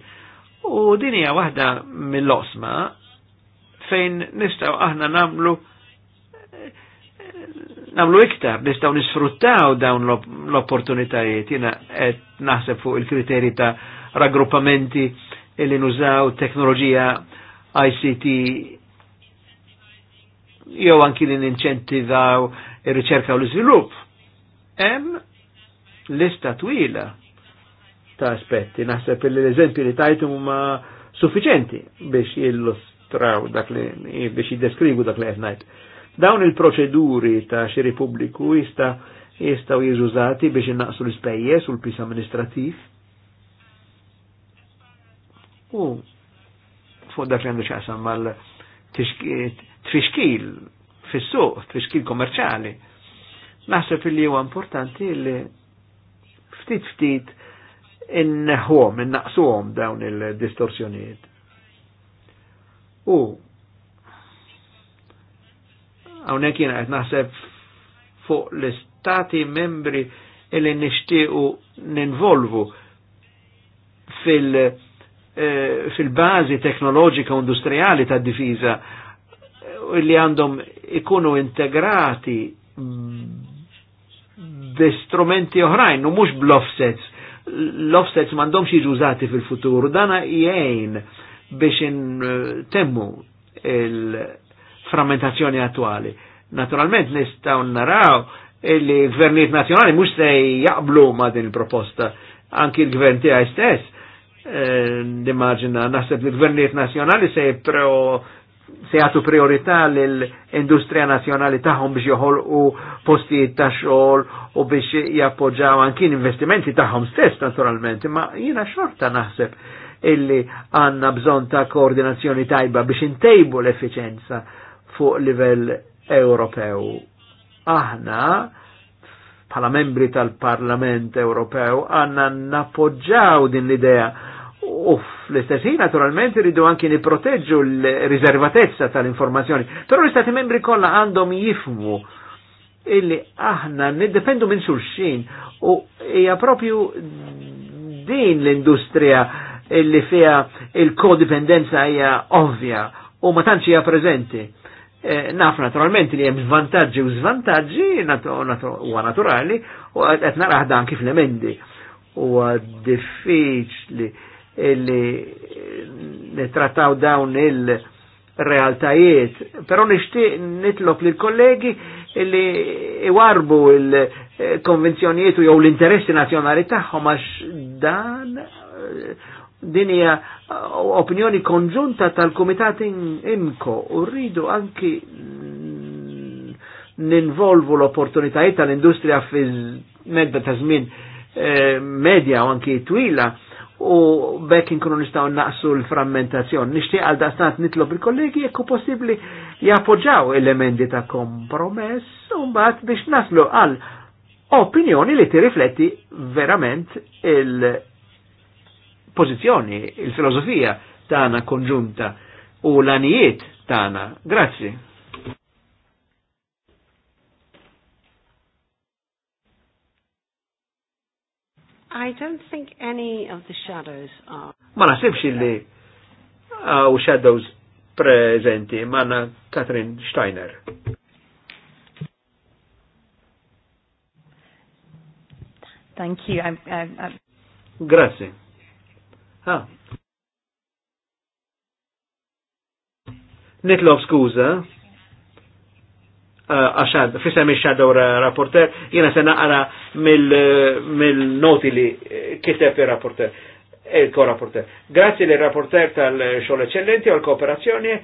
U din hija waħda mill-osma fejn nistgħu aħna namlu namlu iktar, nistgħu nisfruttaw dawn l-opportunitajiet, jiena qed naħseb fuq il-kriteri ta' raggruppamenti illi nużaw teknoloġija ICT jew anki li ninċentivaw ir-riċerka u l-iżvilupp. Hemm lista twila ta' aspetti. Naħseb li l-eżempju li tajtum huma suffiċenti biex jillustraw dak li biex jiddeskrivu dak li qed Dawn il-proċeduri ta' xiri pubbliku jista' jistgħu jiżużati biex innaqsu l-ispejjeż u l-pis amministrativ. U fuq dak li għandu xaqsam mal trixkil fis-suq, trixkil kommerċali. Naħseb li huwa importanti li ftit ftit inneħom, innaqsuhom dawn il-distorsjonijiet. U hawnhekk jiena qed naħseb fuq l-istati membri illi nixtiequ ninvolvu fil- eh, fil-bazi teknoloġika industrijali ta' difiża li għandhom ikunu integrati b'istrumenti oħrajn u mhux bl-offsets. L-offsets m'għandhomx jiġu fil-futur, dana jgħin biex temmu il-frammentazzjoni attuali. Naturalment nistgħu naraw li gvernijiet nazzjonali mhux se jaqblu ma' din il-proposta, anki l-gvern tiegħi stess eh, nimmaġina naħseb li l-gvernijiet nazjonali se pro se jgħatu priorità l-industrija nazjonali tagħhom biex joħolqu postijiet ta' xogħol u biex jappoġġaw anki investimenti tagħhom stess naturalment, ma jiena xorta naħseb illi għanna bżon ta' koordinazzjoni tajba biex intejbu l-efficienza fuq livell Ewropew. Aħna bħala membri tal-Parlament Ewropew għanna nappoġġaw din l-idea U fl istessi naturalment rridu anki niproteġu l-riservatezza tal-informazzjoni. Però l-Istati membri kollha għandhom jifmu illi aħna niddependu minn xulxin u hija propju din l-industrija illi fija il-kodipendenza hija ovvja u ma tantx hija preżenti. Eh, naf naturalment li hemm vantaġġi u żvantaġġi huwa naturali u qed naraħda anki fl-emendi. Huwa diffiċli illi nitrattaw dawn il-realtajiet, però nixtieq nitlob lil kollegi illi iwarbu il-konvenzjonijiet u jew l-interessi nazjonali tagħhom għax dan eh, din hija eh, opinjoni konġunta tal-Kumitat Imko u rridu anki ninvolvu l-opportunitajiet tal-industrija fi medda ta' żmien eh, medja u anki twila u bekk inkunu nistaw naqsu l-frammentazzjoni. Nishtiq għal daqstant nitlob il-kollegi jekku possibli jappoġġaw elementi ta' kompromess u mbagħad biex naslu għal opinjoni li tirrifletti verament il-pożizzjoni, il-filosofija tagħna konġunta u l-anijiet tagħna. Grazzi. I don't think any of the shadows are. Ma naħsibx illi uh, u shadows prezenti, manna Katrin Steiner. Thank you. I'm, I'm, I'm... Grazie. Ah. Nitlov skuza għaxad, fissem il-shadow rapporter, jina se naqra mill-noti li kiteb il-rapporter, il-ko-rapporter. Grazzi li rapporter tal-xol eccellenti għal kooperazzjoni,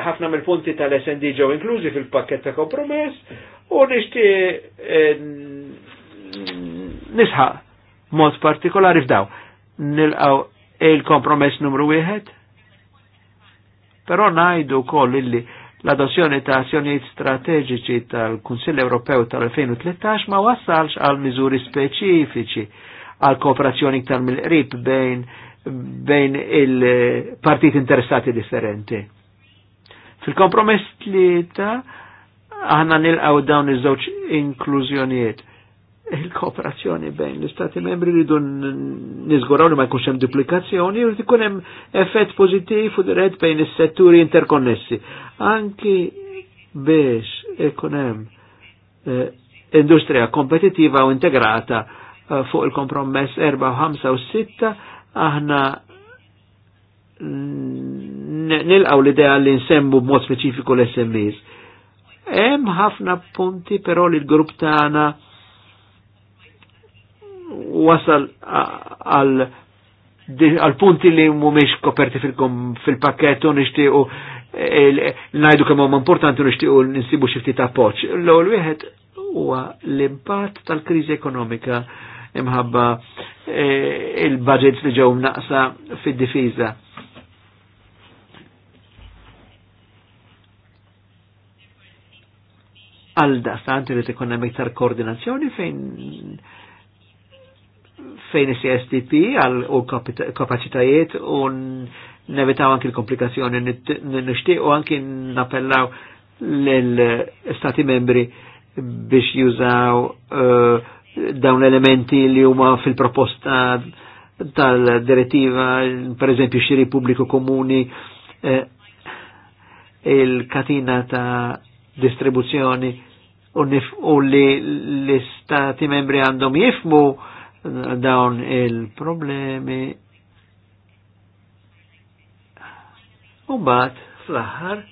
ħafna mill-punti tal-SND ġew inklużi fil-pakket ta' kompromess, u nishti eh, nisħa mod partikolari f'daw. Nilqaw il-kompromess numru 1, pero najdu koll illi L-adozzjoni ta' azzjonijiet strateġiċi tal-Kunsill Ewropew tal-2013 ma wassalx għal miżuri speċifiċi għal kooperazzjoni iktar mill-qrib bejn bejn il-partit interessati differenti. Fil-kompromess tlieta aħna nilqaw dawn iż-żewġ inklużjonijiet il-kooperazzjoni bejn l-Istati membri ridu nizguraw li ma jkunx hemm duplikazzjoni u jkun hemm effett pożittiv u dirett bejn is-setturi interkonnessi. Anki biex ikun hemm eh, industrija kompetitiva u integrata eh, fuq il-kompromess 4, u 6 aħna nilqaw l-idea li nsemmu b'mod specifiku l-SMEs. Hemm ħafna punti però li l-grupp tagħna wasal għal punti li mumiex koperti fil-pakket u nishtiqu e- e- najdu kemm huma importanti u nishtiqu ninsibu xi ftit poċ. L-ewwel wieħed huwa l-impatt tal-kriżi ekonomika imħabba e- il-budgets li ġew naqsa fid-difiża. għal da sa' antiret ekonomik miktar koordinazzjoni fejn fejn CSTP għal u kapacitajiet u nevitaw anki l-komplikazzjoni nishtiq u anki napellaw l-stati membri biex jużaw eh, dawn elementi li huma fil-proposta tal-direttiva, per eżempju xiri pubbliku komuni, eh, il-katina ta' distribuzzjoni u li l-istati membri għandhom jifmu dawn il-problemi u bat fl-aħħar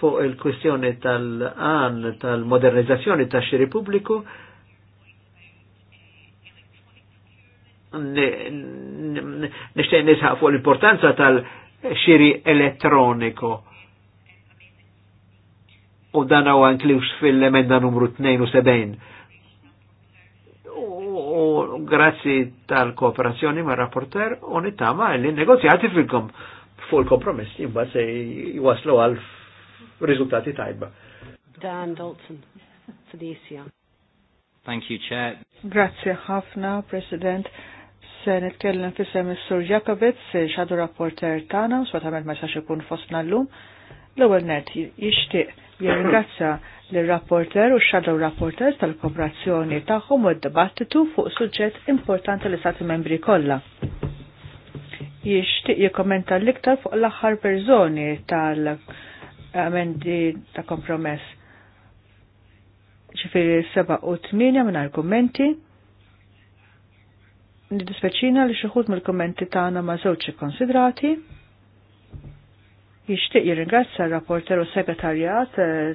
fuq il-kwistjoni tal-għan tal-modernizzazzjoni tax xiri pubbliku nishtiq nisħaq fuq l-importanza tal-xiri elettroniku. U dan għu fil-emenda numru 72 Grazzi tal-kooperazzjoni ma' rapporter u nittama li negozjati fil-kom fuq il kompromessi imba se jwaslu għal riżultati tajba. Dan Dalton, Felicia. Thank you, Chair. Grazie ħafna, President. Se nitkellem fissem il sur Jakovic, xadu rapporter tana, swatament ma xax kun fostna l-lum. L-ewwel net jixtieq jirringrazzja l-rapporter u shadow rapporters tal-kooperazzjoni tagħhom u d-dibattitu fuq suġġett importanti li sati membri kollha. Jixtieq jikkommenta l-iktar fuq l-aħħar perżoni tal-amendi ta' kompromess. Ġifieri seba' u tminja minn argumenti. Nidispeċina li xi mill-kummenti tagħna ma żewġ konsidrati jixtieq jirringrazzja r-rapporter u segretarjat eh,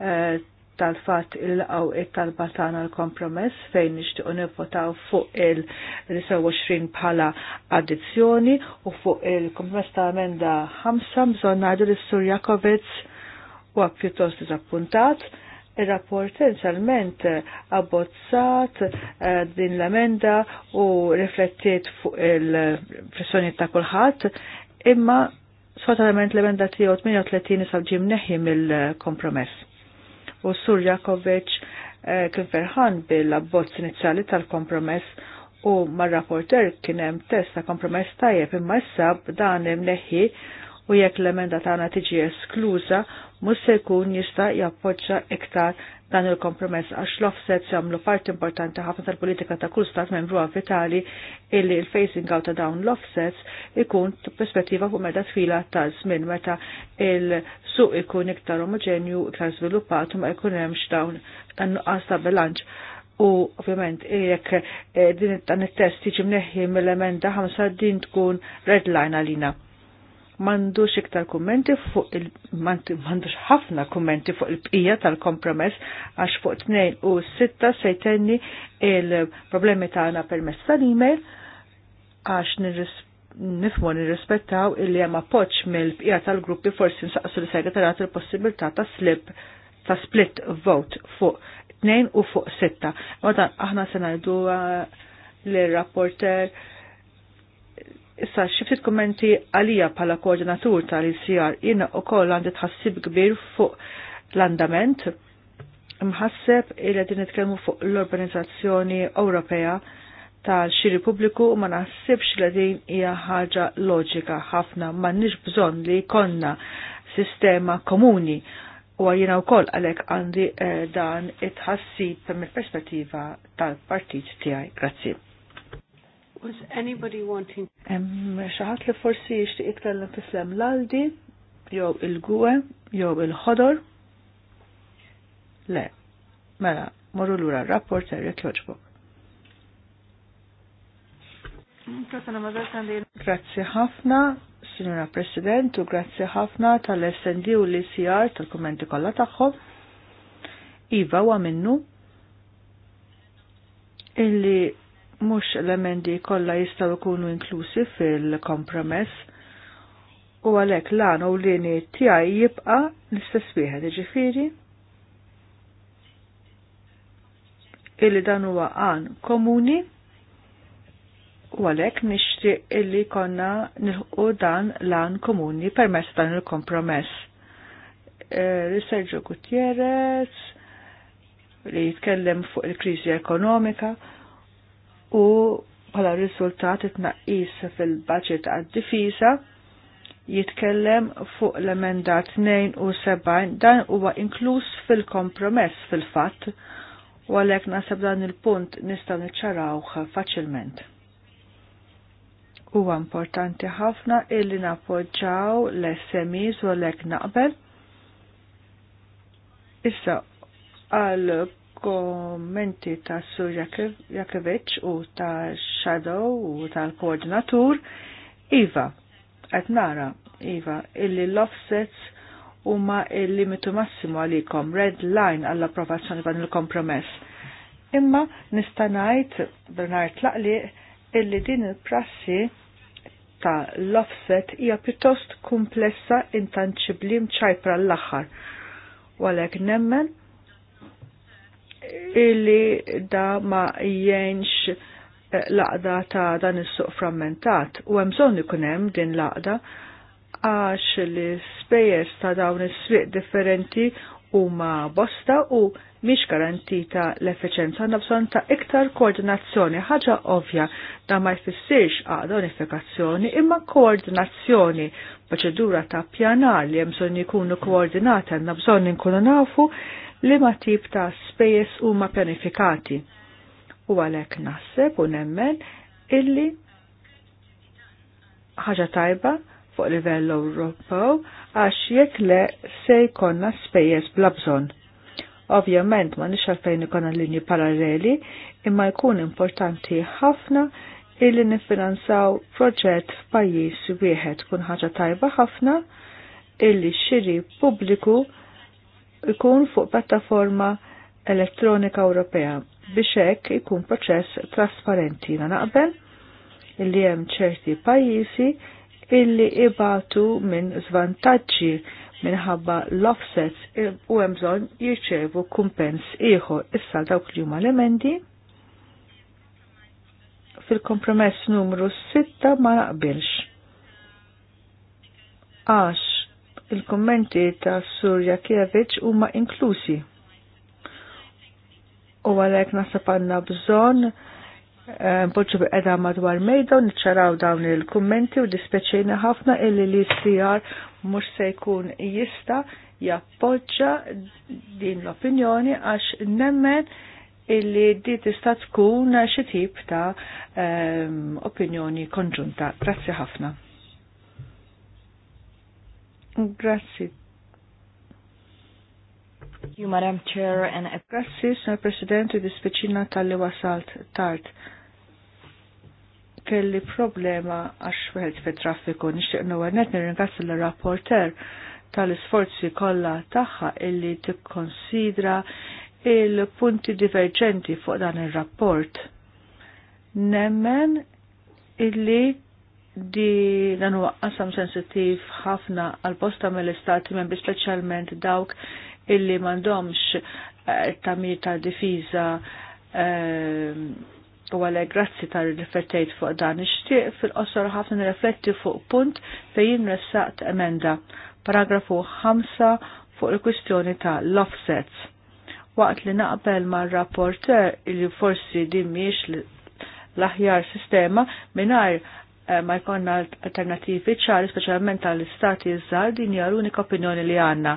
Eh, tal-fat il għaw it-talba tana l-kompromess fejn nixtiequ nivvotaw fuq il-29 bħala addizzjoni u fuq il-kompromess ta' emenda 5 bżonn ngħidu l sur Jakovic huwa pjuttost diżappuntat. Il-rapport insalment abbozzat eh, din l-emenda u riflettiet fuq il-pressjoni ta' kulħadd, imma sfortunatament l-emenda tiegħu 38 isab ġim neħi mill-kompromess u Sur Jakovic eh, kien ferħan bil-abbozz inizjali tal-kompromess u mar-rapporter kien hemm test ta' kompromess tajjeb imma issa dan imneħħi u jekk l-emenda tagħna tiġi eskluża mhux se jkun jista' jappoġġa iktar dan il-kompromess għax l-offset jamlu part importanti ħafna tal-politika ta' kull stat membru vitali illi il facing out ta' dawn l-offsets ikun perspettiva fuq meta twila ta' żmien meta il-suq ikun iktar omogenju, iktar sviluppat u ma jkun hemmx dawn nuqqas ta' bilanċ. U ovvjament jekk eh, din dan it-test tiġi mneħħi mill-emenda ħamsa din tkun redline għalina mandux iktar kummenti fuq il mandux ħafna kummenti fuq il-bqija tal-kompromess għax fuq 2 u 6 sejtenni il-problemi tagħna permezz tal-email għax nifmu nirrispettaw il-li hemm poċ mill-bqija tal-gruppi forsi nsaqsu li segretarat il-possibilità ta' slip ta' split vote fuq 2 u fuq 6. Ma aħna se ngħidu eh, l-rapporter uh, Issa xiftit kommenti għalija pala koordinatur tal-ICR jina u koll għandi tħassib kbir fuq l-andament mħasseb il din nitkellmu fuq l-Organizzazzjoni Ewropea tal-xiri pubbliku u ma naħsibx li din hija ħaġa loġika ħafna m'għandniex bżonn li konna sistema komuni u għajina u koll għalek għandi eh, dan it-ħassib mill-perspettiva tal-partit tijaj. Grazie. Was anybody wanting? Xaħat li forsi jishti iktar tislem l-aldi, jew il-gwe, jew il-ħodor. Le, mela, morru l-ura rapport Eric Lodgebok. Grazie ħafna, Signora President, u grazie ħafna tal-SND u l-ICR tal-kommenti kolla tagħhom. Iva wa minnu illi mhux l-emendi kollha jistgħu jkunu inklusi fil-kompromess u għalhekk l u l-lini tiegħi jibqa' l-istess wieħed jiġifieri illi dan huwa għan komuni u għalek nixtieq illi konna nilħu dan lan komuni permess dan il-kompromess. E, Sergio Gutierrez li jitkellem fuq il-kriżi ekonomika u bħala riżultat it-naqis fil-budget għad-difisa jitkellem fuq l-emenda 72 dan huwa inkluż fil-kompromess fil-fatt u għalhekk nasab dan il-punt nistgħu niċċarawh faċilment. Huwa importanti ħafna illi nappoġġaw l-SMEs u għalhekk naqbel. Issa għal kommenti ta' Sur Jakovic u ta' Shadow u tal-koordinatur, Iva, għet nara, Iva, illi l-offsets huma il-limitu massimu għalikom, red line għall-approvazzjoni għan il-kompromess. Imma nista' ngħid Bernard Laqli illi din il-prassi ta' l-offset hija pjuttost komplessa intanċibli mċajpra l-aħħar. Walek nemmen illi da ma jenx eh, laqda ta' dan is-suq frammentat u hemm bżonn ikun hemm din laqda għax li spejers ta' dawn is-swieq differenti huma bosta u mhix garantita l-effiċenza għandna bżonn ta' iktar koordinazzjoni ħaġa ovvja da ma jfissirx għaqda unifikazzjoni imma koordinazzjoni proċedura ta' pjanar li hemm bżonn jkunu koordinati għandna bżonn inkunu nafu li ma tip ta' spejjeż huma pjanifikati. U għalhekk naħseb u nemmen illi ħaġa tajba fuq livell Ewropew għax jekk le se jkollna spejjeż bla bżonn. Ovvjament ma nix għalfejn ikonna linji paralleli imma jkun importanti ħafna illi nifinanzaw proġett f'pajjiż wieħed kun ħaġa tajba ħafna illi xiri pubbliku ikun fuq pjattaforma elettronika Ewropea biex hekk ikun proċess trasparenti na naqbel illi hemm ċerti pajjiżi illi ibatu minn żvantaġġi minħabba l-offsets u hemm bżonn jirċevu kumpens ieħor issa dawk li huma l-emendi fil-kompromess numru 6 ma naqbilx. Għax il-kommenti ta' Surja Kievich huma inklusi. U għalhekk nasab għandna bżonn eh, Poċu edha madwar mejda u dawn il-kummenti u dispeċejna ħafna illi li s-sijar mux se jkun jista jappoġġa din l-opinjoni għax nemmen illi di tista' tkun xi tip ta' eh, opinjoni konġunta. Grazzi ħafna. Grazzi. You, Madam Chair, and Grazzi, Sir President, speċina tal-li wasalt tard. Kelli problema għax weħed fit traffiku nixtieq nownet nirringrazzi l-rapporter tal-isforzi kollha tagħha illi tikkonsidra il-punti diverġenti fuq dan ir-rapport. Nemmen illi di dan huwa qasam sensittiv ħafna għal posta mill-istati membri speċjalment dawk illi m'għandhomx eh, tamir ta' difiża eh, u għalek grazzi ta' riflettejt fuq dan ixtieq fil-qosor ħafna nirrifletti fuq punt fejn ressaqt emenda paragrafu 5 fuq il-kwistjoni ta' l-offsets. Waqt li naqbel ma' rapporter il forsi din l-aħjar sistema minar Eh, ma jkonna alternativi ċari, speċjalment għall istati iż din hija l-unika opinjoni li għandna.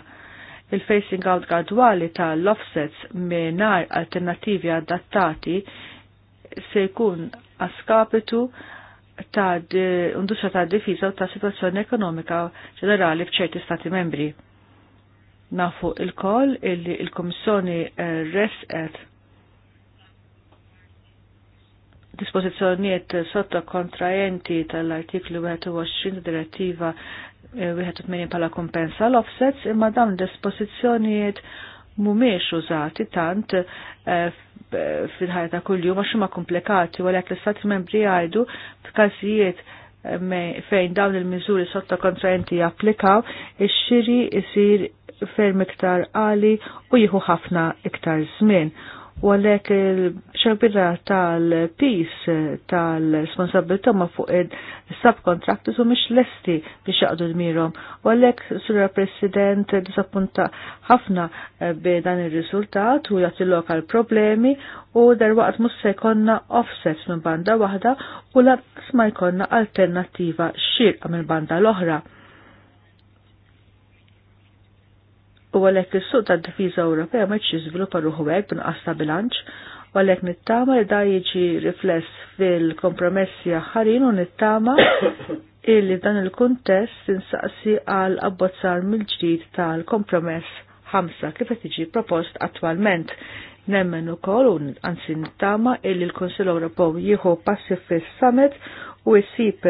Il-facing out gradwali tal-offsets mingħajr alternativi adattati se jkun askapitu ta' industrija ta' difiża u ta' situazzjoni ekonomika ġenerali f'ċerti stati membri. Nafu il-koll il-Komissjoni eh, resqet dispożizzjonijiet sotto kontrajenti tal-artiklu 21 direttiva 81 pala kompensa l-offsets imma dawn dispożizzjonijiet mumiex użati tant eh, fil-ħajta kull-jum għax ma komplikati u għalek l-istati membri għajdu f'każijiet eh, fejn dawn il-miżuri sotto kontrajenti japplikaw ix-xiri isir ferm iktar għali u jieħu ħafna iktar żmien u għalek il-xarbira tal-pis tal-responsabilta ma fuq il-subcontractors u mish lesti biex jaqdu d-mirom. U għalek, Sura President, disappunta ħafna eh, bi dan il-rizultat u jgħati lokal problemi u waqt mus se jkonna offsets minn banda wahda u laqs ma jkonna alternativa xirqa minn banda l-oħra. U għalhekk is-suq tad-difiża Ewropea ma jiġix jiżviluppa ruħu għek b'nuqqas ta' bilanċ, u għalhekk nittama li da jiġi rifless fil-kompromessi aħħarin u nittama illi dan il-kuntest insaqsi għal abbozzar mill-ġdid tal-kompromess ħamsa kif qed tiġi propost attwalment. Nemmen ukoll u anzi nittama illi l-Kunsill Ewropew jieħu passi fis-summit u jsib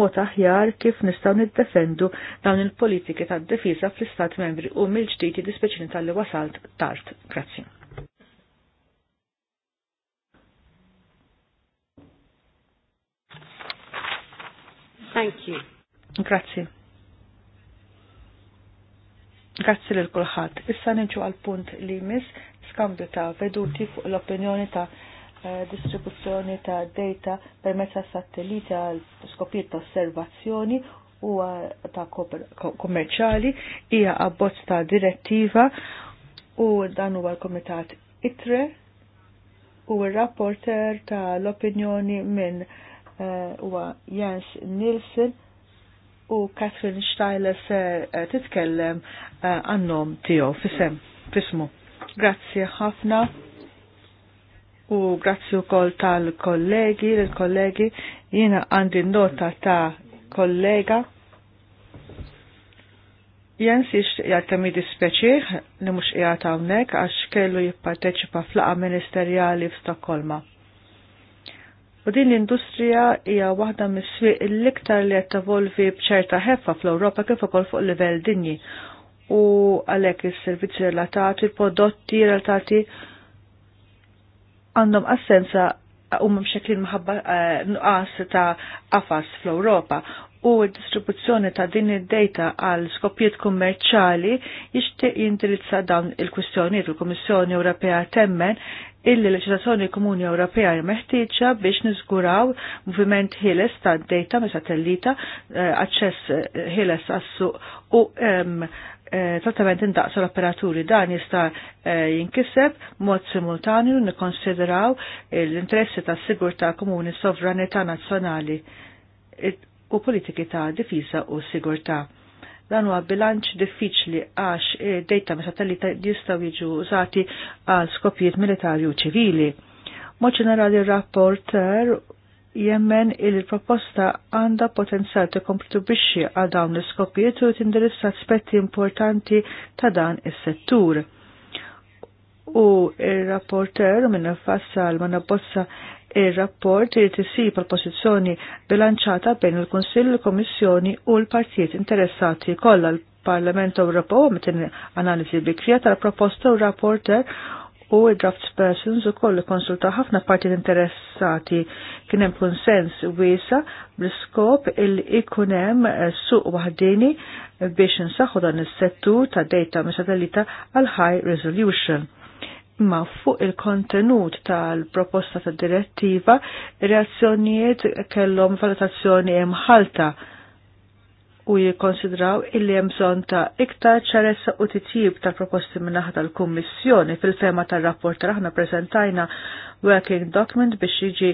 mod aħjar kif nistgħu niddefendu dawn il-politiki tad-difiża fl-Istat membri u mill-ġdid jidispeċini tal-li wasalt tard. Grazzi. Thank you. Grazzi. Grazzi lil kulħadd. Issa niġu għal punt li mis skambju ta' veduti fuq l-opinjoni ta' Eh, distribuzzjoni ta' data permezz satellita satelliti għal skopijiet ta' osservazzjoni u ta' kommerċali hija abbozz ta' direttiva u dan huwa l-Komitat ITRE u r-rapporter ta' l-opinjoni minn eh, huwa Jens Nilsen u Catherine Steiler se eh, titkellem għannom tiegħu fisem fismu. Grazzi ħafna u grazzi wkoll tal-kollegi, l-kollegi, jiena għandi nota ta' kollega. Jens jixtieq jgħattem dispeċir li mhux qiegħed hawnhekk għax kellu jipparteċipa flaqa ministerjali f'Stokkolma. U din l-industrija hija waħda mis-swieq l-iktar li qed tevolvi b'ċerta ħeffa fl-Ewropa kif ukoll fuq livell dinji u għalhekk is-servizzi relatati, il-prodotti relatati, il għandhom assenza uh, u mxeklin mħabba uh, nuqas ta' afas fl-Europa u d-distribuzzjoni ta' din id-data għal skopijiet kummerċali jixtieq jindirizza dawn il-kwistjonijiet il-Kummissjoni Ewropea temmen illi l-leġislazzjoni komuni Ewropea meħtieġa biex niżguraw moviment ħieles ta' data me satellita, uh, aċċess ħieles għas-suq u um, Eh, trattament indaqsa l-operaturi dan jista' eh, jinkiseb mod simultanju nikkonsideraw l-interessi tas sigurtà komuni sovranità nazzjonali u politiki ta' difiża u sigurtà. Dan huwa bilanċ diffiċli għax dejta ma' satellita jistgħu jiġu użati għal skopijiet militari u ċivili. Mod ġenerali rapporter jemmen il-proposta għanda potenzjal tikomplu biexi għal dawn l-iskopijiet u tindirizza aspetti importanti ta' dan is-settur. U il-rapporter minn fassa l manabozza il-rapport li tisi l-posizjoni bilanċata bejn il konsil il-Komissjoni u l-partijiet interessati kollha l-Parlament Ewropew meta analiżi bikrija tal-proposta u rapporter u drafts persons u koll konsulta ħafna parti interessati kien hemm konsens wiesa bl-iskop il ikunem eh, suq wahdini biex nsaħu dan is-settur ta' data me satellita għal high resolution imma fuq il-kontenut tal-proposta ta' direttiva, reazzjonijiet kellhom valutazzjoni imħalta u jikkonsidraw illi hemm bżonn ta' iktar ċaressa u titjib ta' proposti minn naħa tal-Kummissjoni fil-fema tar-rapport aħna prezentajna working document biex jiġi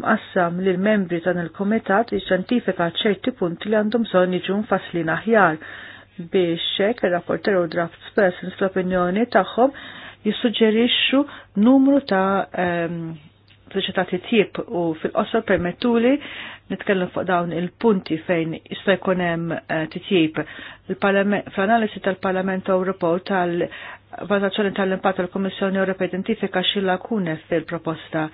mqassam lil membri tan il-Kumitat jiċċentifika ċerti punti li għandhom bżonn jiġu mfasslin aħjar biex xek ir-rapporter u draft persons l-opinjoni tagħhom jissuġġerixxu numru ta' soċjetà tip u fil-qosor permettuli nitkellem fuq dawn il-punti fejn jista' jkun hemm eh, titjib. Fl-analisi tal-Parlament Ewropew tal-valutazzjoni tal-impatt tal-Kummissjoni Ewropea identifika xi lakune fil-proposta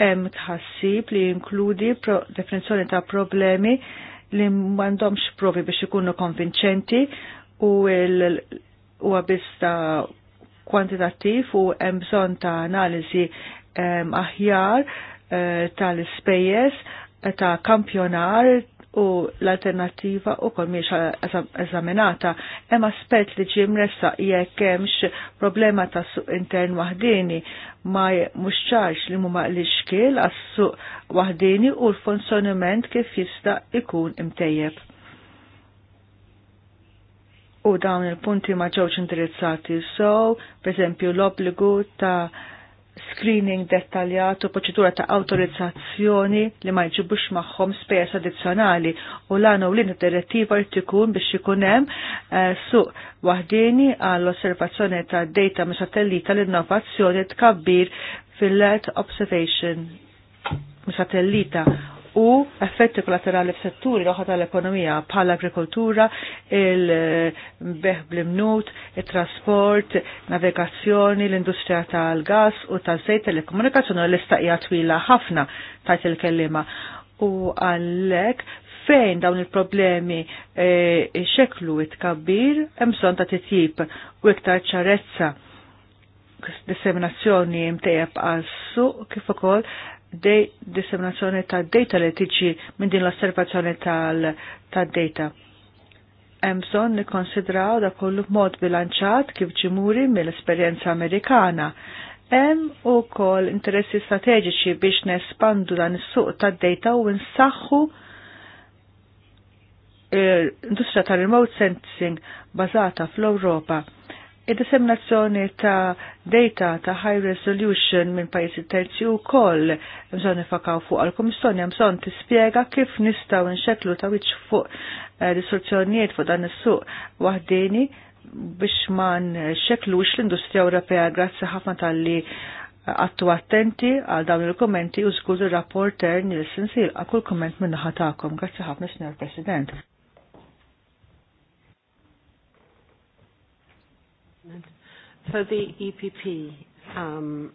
hemm tħassib li jinkludi definizzjoni ta' problemi li m'għandhomx provi biex ikunu konvinċenti u l huwa biss ta' kwantitattiv u hemm bżonn ta' analiżi aħjar eh, tal-spejjes eh, ta' kampjonar u l-alternativa u kol miex eżaminata. Hemm aspett li ġim ressa jekk hemmx problema ta' suq intern waħdini ma mhux ċarx li huma l xkil għas-suq waħdini u l-funzjonament kif jista' ikun imtejjeb. U dawn il-punti ma ġewx indirizzati so, per l-obbligu ta' screening dettaljat u proċedura ta' autorizzazzjoni li ma jġibux magħhom spejjeż addizzjonali u l-għanu l direttiva li tikun biex ikun hemm eh, suq wahdini għall-osservazzjoni ta' data me satellita l-innovazzjoni tkabbir fil let observation me satellita u effetti kollaterali f'setturi l tal-ekonomija bħal agrikoltura, il-beħ bl-imnut, il-trasport, navigazzjoni, l-industrija tal-gas u tal sejt telekomunikazzjoni l-istaqija twila ħafna tajt il-kellima. U għallek fejn dawn il-problemi e, xeklu it-kabbir, emson ta' titjib u iktar ċarezza disseminazzjoni mtejab għal suq kif ukoll disseminazzjoni ta' data li tiġi minn din l-osservazzjoni ta' data. Hemm bżonn nikkonsidraw da kollu b'mod bilanċat kif ġimuri mill-esperjenza Amerikana. Hemm ukoll interessi strateġiċi biex nespandu dan is-suq tad-data u nsaħħu industrija tal-remote sensing bazata fl-Ewropa Id-disseminazzjoni ta' data ta' high resolution minn pajjiżi terzi u koll bżon nifakaw fuq għal-Komissjoni bżonn tispjega kif nistaw nxeklu ta' wiċ fuq distorzjonijiet eh, fuq dan is-suq waħdini biex ma nxeklux l-Industrija Ewropea grazzi ħafna tal-li eh, għattu attenti għal dawn il-kommenti u żgur rapporter Nilsen Sil għal kull komment minnaħa tagħkom. Grazzi ħafna, Signor President. For the EPP, um...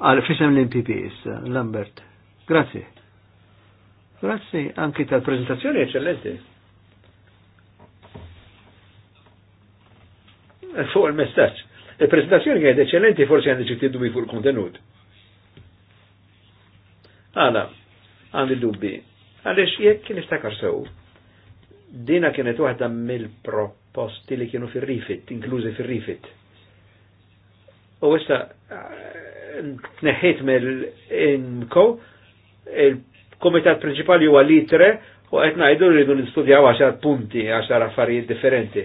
Għal ah, fisem l-EPP, Lambert. Grazie. Grazie anche tal presentazione eccellenti. Eh, fu il-messaċ. il che è eccellente forse hanno deciso di fuq il contenuto. Għala, għandi dubbi. Għalix, jek kien iftakar sew, dina kienet waħda mill-prop posti li kienu fil-rifit, inkluzi fil-rifit. U issa neħħit mill-inko, il-komitat principali huwa litre u qed ngħidu rridu nistudjaw għaxar punti, għaxar affarijiet differenti.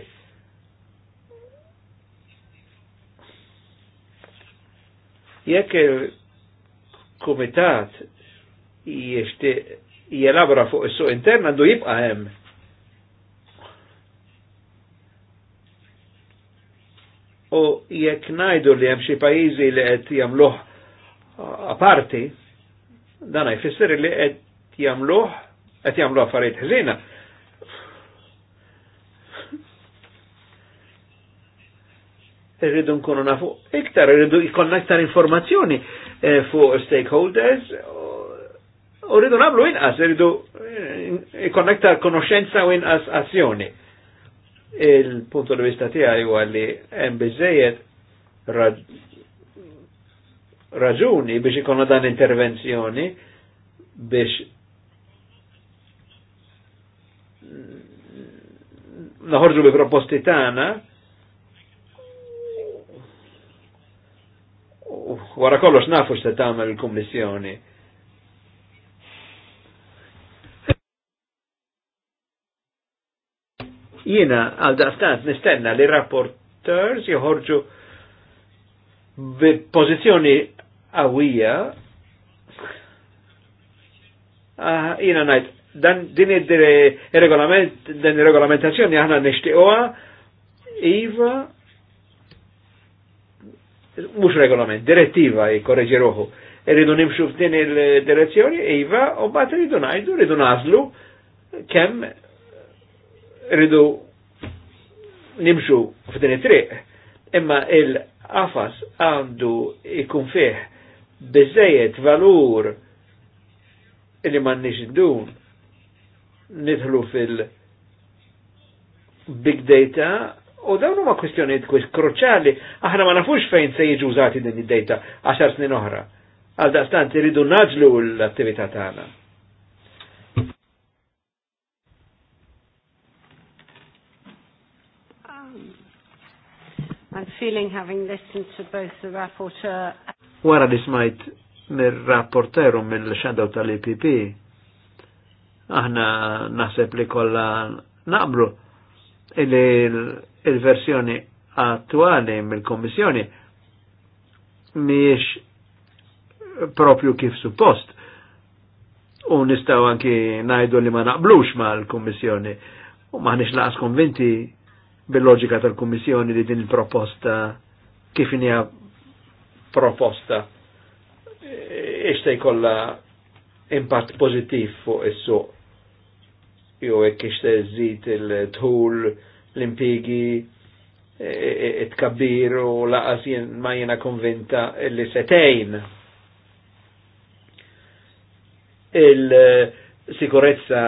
Jekk il-komitat jiexti jelabra fuq il suq intern għandu jibqa' hemm U jekk najdu li hemm xi pajjiżi li qed jagħmluh aparti, dan jfisser li qed jagħmluh qed jagħmlu affarijiet ħżina. Irridu nkunu nafu iktar, irridu jkollna iktar informazzjoni e, fuq stakeholders u rridu nagħmlu inqas, irridu e, jkollna iktar konoxenza u inqas azzjoni il-punto di vista tiegħi huwa li hemm raġuni biex ikonu dan intervenzjoni biex naħorġu bi proposti tana wara kollox nafu x'se tagħmel il-Kummissjoni jina għal daqstant nistenna li rapporteurs jħorġu bi pozizjoni għawija ah, jina najt dan din il-regolament, dan il-regolamentazzjoni għana nishtiqoha iva mux regolament, direttiva jkorreġi ruħu. Irridu nimxu f'din il-direzzjoni, iva, u bat irridu najdu, irridu nazlu, kem rridu nimxu f'din it-triq, imma il-qafas għandu ikun fih biżejjed valur li nix idun nidħlu fil-big data u dawn huma kwistjonijiet kruċali, aħna ma nafux fejn se jiġu użati din id-data għaxar snin oħra. Għal daqstant iridu naġlu l-attività tagħna. feeling having listened to both the rapporteur. Wara li smajt mir-rapporteru mill-xandaw tal epp aħna naħseb li kolla naqblu il-versjoni attuali mill komissjoni miex propju kif suppost. U nistaw anki najdu li ma naqblux ma l-Kommissjoni. U maħnix laqas konvinti bil-loġika tal-Kummissjoni li din il-proposta kif inja proposta ixta jkolla impatt pozittiv fuq is-suq. jew hekk ixta żid il-tħul, l-impigi, it-kabbir u laqas jien ma jiena konvinta li setejn. Il-sikurezza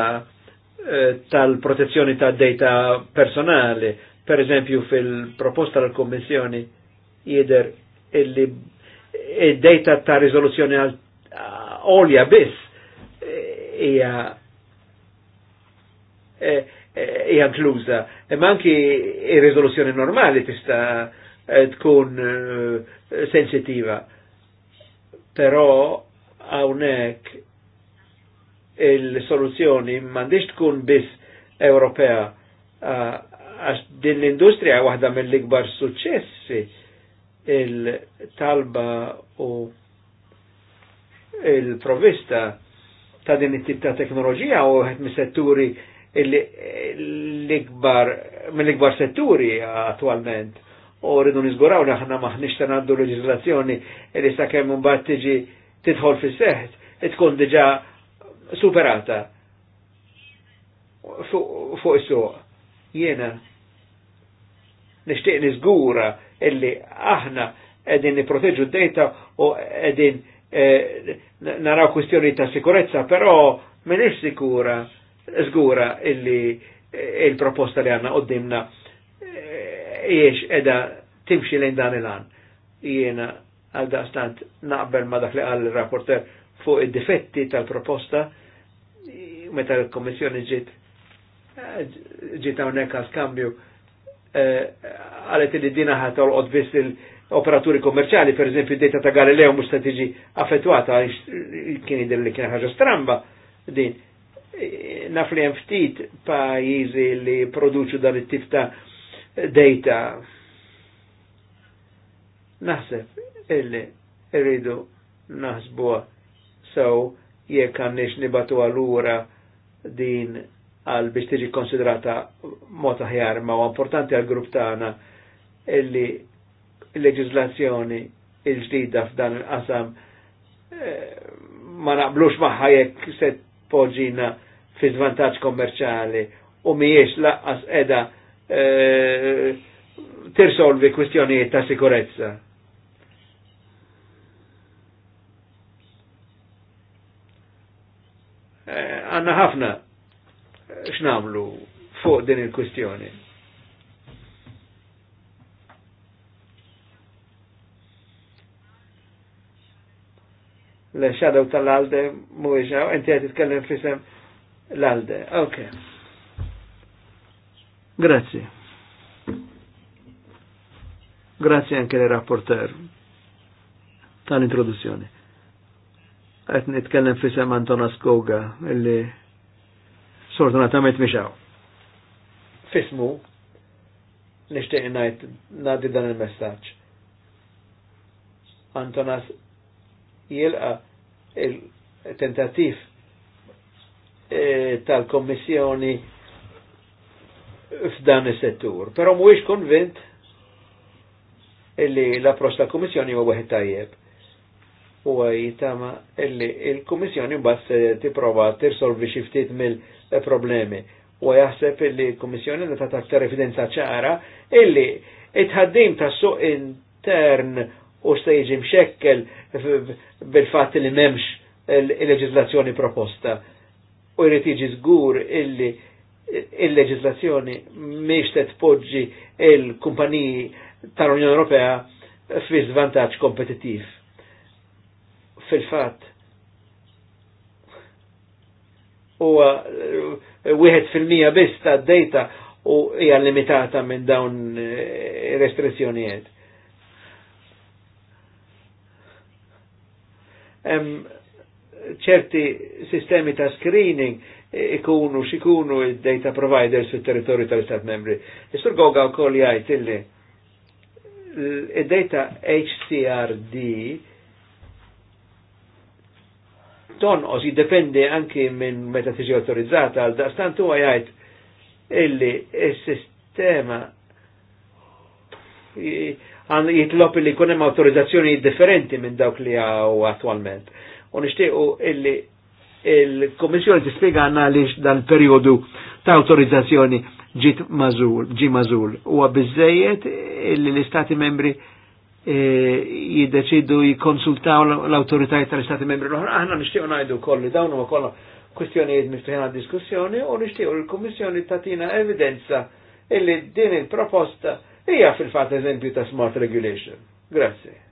Eh, tal-protezzjoni ta' data personali. Per eżempju, fil-proposta tal-Kommissjoni jider illi id-data eh, ta' rizoluzzjoni għolja eh, biss hija hija inkluża. Imma anki ir-riżoluzzjoni normali tista' tkun sensitiva. Però hawnhekk il-soluzzjoni m'għandix tkun biss Ewropea ah, għax din l-industrija waħda mill-ikbar suċċessi il-talba u il-provista ta' din it-tip ta' teknoloġija u għed mis-setturi l-ikbar, mill-ikbar setturi attualment. U rridu nizguraw li aħna maħniex ta' għandu leġislazzjoni li sa' kemm mbagħad tiġi tidħol fis seħt tkun diġà superata fuq fu is-suq. Jiena nixtieq niżgura illi aħna qegħdin niproteġu d-dejta u qegħdin eh, naraw kwistjoni ta' sikurezza, però m'inhiex sikura żgura illi eh, il-proposta li għandna qoddimna eh, jiex qiegħda edha timxi lejn dan il-għan. Jiena għal daqstant naqbel ma dak li għal rapporter fuq id-difetti tal-proposta meta l-Kommissjoni ġiet ġiet hawnhekk għal skambju eh, għalet li dina ħat olqod biss il-operaturi kommerċali, per eżempju, data ta' Galileo mhux se tiġi affettwata kien jidher li kien ħaġa stramba din. Naf li hemm ftit pajjiżi li produċu dan it-tip ta' data. Naħseb illi rridu naħsbuha sew jekk għandniex nibatu għalura din għal biex tiġi konsiderata mod aħjar ma huwa importanti għal grupp tagħna illi l-leġiżlazzjoni il-ġdida f'dan il-qasam eh, ma naqblux magħha jekk se poġġina fi zvantaġġ kommerċjali u mhijiex laqqas qiegħda eh, tirsolvi kwistjonijiet ta' sikurezza. għanna ħafna x'namlu fuq din il-kwistjoni. l xadaw tal-alde muħiġa, għati t-kellem fisem l-alde. Ok. Grazie. Grazie anche al rapporteur tal introduzione qed nitkellem fisem Antonas Koga illi sfortunatament mixaw. Fismu nixtieq ngħid nadi dan il-messaġġ. Antonas jilqa il-tentativ e, tal-Kommissjoni f'dan is-settur. Però mhuwiex konvint illi l-approċċ tal kommissjoni huwa wieħed tajjeb u għajtama illi il-Kummissjoni mbagħad tipprova tirsolvi xi ftit mill-problemi u jaħseb illi l-Kummissjoni li ta' aktar evidenza ċara illi it-ħaddim ta' suq intern u se jiġi mxekkel bil-fatt li memx il-leġislazzjoni proposta u jrid jiġi żgur illi il-leġislazzjoni miex tpoġġi il-kumpaniji tal-Unjoni Ewropea fi żvantaġġ kompetittiv fil-fat U eh, wieħed fil-mija biss ta' data u hija limitata minn dawn eh, restrizzjonijiet. ċerti sistemi ta' screening eh, ikunu xikunu il-data providers fil territorju tal-Istat membri. Jistur Goga u koll jgħajt illi il-data HCRD tonqos jiddependi anki minn meta tiġi autorizzata għal daqstant huwa jgħid illi s-sistema jitlob illi jkun hemm autorizzazzjoni differenti minn dawk li għaw attualment. U nixtiequ illi il-Kommissjoni tispjega għandna għaliex dan periodu ta' autorizzazzjoni ġiet mażul, ġi mażul. Huwa biżejjed illi l-Istati membri E, jiddeċidu jikonsultaw l-autoritajiet tal-Istati membri l-oħra. Aħna nixtiequ ngħidu kolli dawn huma kollha kwistjonijiet miftuħin għad diskussjoni u nixtiequ l-Kummissjoni tatina evidenza illi din il-proposta hija fil-fatt eżempju ta' smart regulation. Grazie.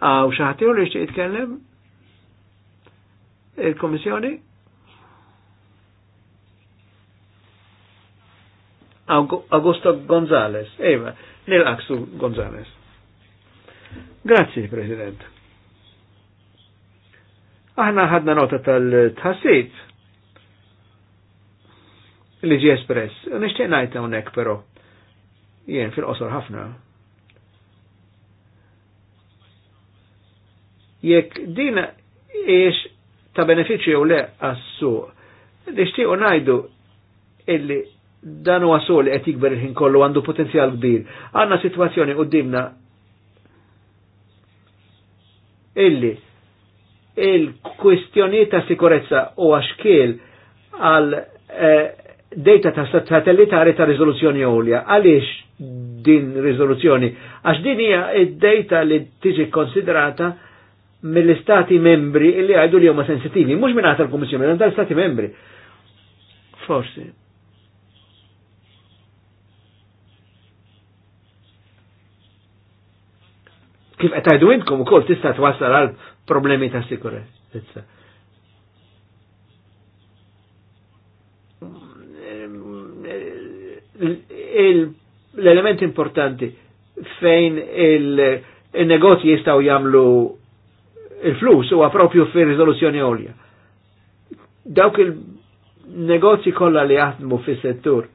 Għaw xaħti u li xtiq jitkellem? Il-Komissjoni? Augusto Gonzales. Eva, nil-Aksu Gonzales. Grazie, President. Aħna ħadna nota tal-tħassit li ġi espress. Nishtiq najta unnek, pero Jien fil-qosor ħafna. Jek dina iex ta' benefiċċju u le għassu. suq Nixtiequ ngħidu illi dan huwa suq li qed jikber il-ħin kollu għandu potenzjal kbir. Għandna sitwazzjoni dimna illi il-kwistjoni ta' sikurezza u għaxkiel għal eh, data ta' satellitari ta' rizoluzzjoni għolja. Għaliex din rizoluzzjoni? Għax din hija id-data li tiġi konsiderata mill-istati membri illi għajdu li huma sensitivi, mux minna għata l komissjoni għanda l-istati membri. Forsi. Kif għajdu tgħidu u kol tista' t twassal għal problemi ta' sikurezza. L-element importanti fejn il-negozji jistaw jamlu il-flus huwa propju fi riżoluzzjoni għolja. Dawk il-negozji kollha li jaħdmu fis-settur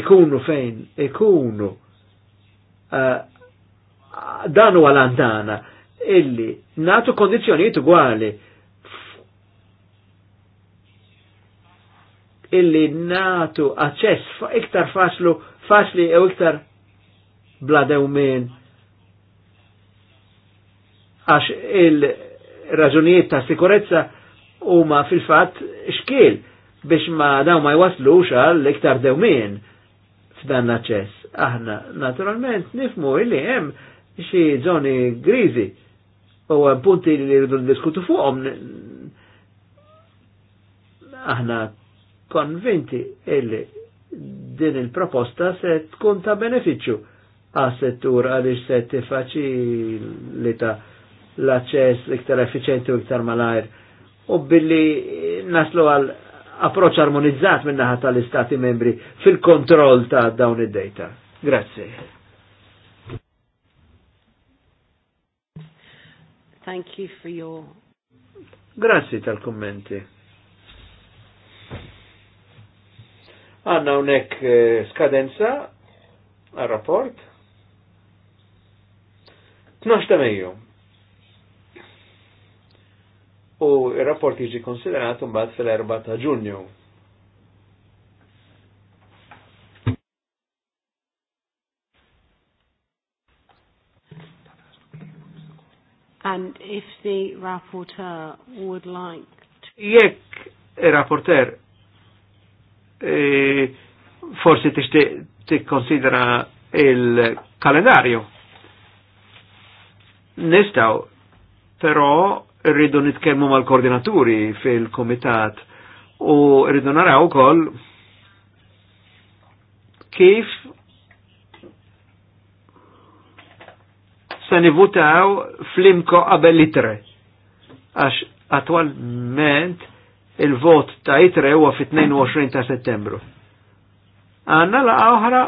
ikunu fejn, ikunu eh, dan huwa l-antana illi natu kondizjonijiet ugwali illi natu aċċess iktar faċlu faċli e iktar bladew minn għax il-raġunijiet ta' sikurezza huma fil-fatt xkiel biex ma daw ma jwaslux għal iktar dewmien f'dan l-aċċess. Aħna naturalment nifmu illi hemm xi żoni griżi u punti li rridu diskutu fuqhom aħna konvinti illi din il-proposta se tkun ta' beneficju għas settur għaliex se li ta' l-aċċess iktar effiċenti u iktar malajr u billi naslu għal approċ armonizzat minna ħata tal-istati membri fil-kontroll ta' dawn id-data. Grazie. Thank you for your... Grazie tal-kommenti. Għanna unek eh, skadenza għal rapport 12 ta' Mejju u il-rapport jiġi konsiderat mbagħad fil-4 ta' Ġunju. And if the rapporteur would like to... Jekk il-rapporter e, forsi tikkonsidera il-kalendarju. Nistaw, però rridu nitkellmu mal-koordinaturi fil-komitat u rridu naraw ukoll kif se nivutaw fl-imko qabel itre. Għax attualment il-vot ta' itre huwa fit-22 ta' settembru. Għanna la' oħra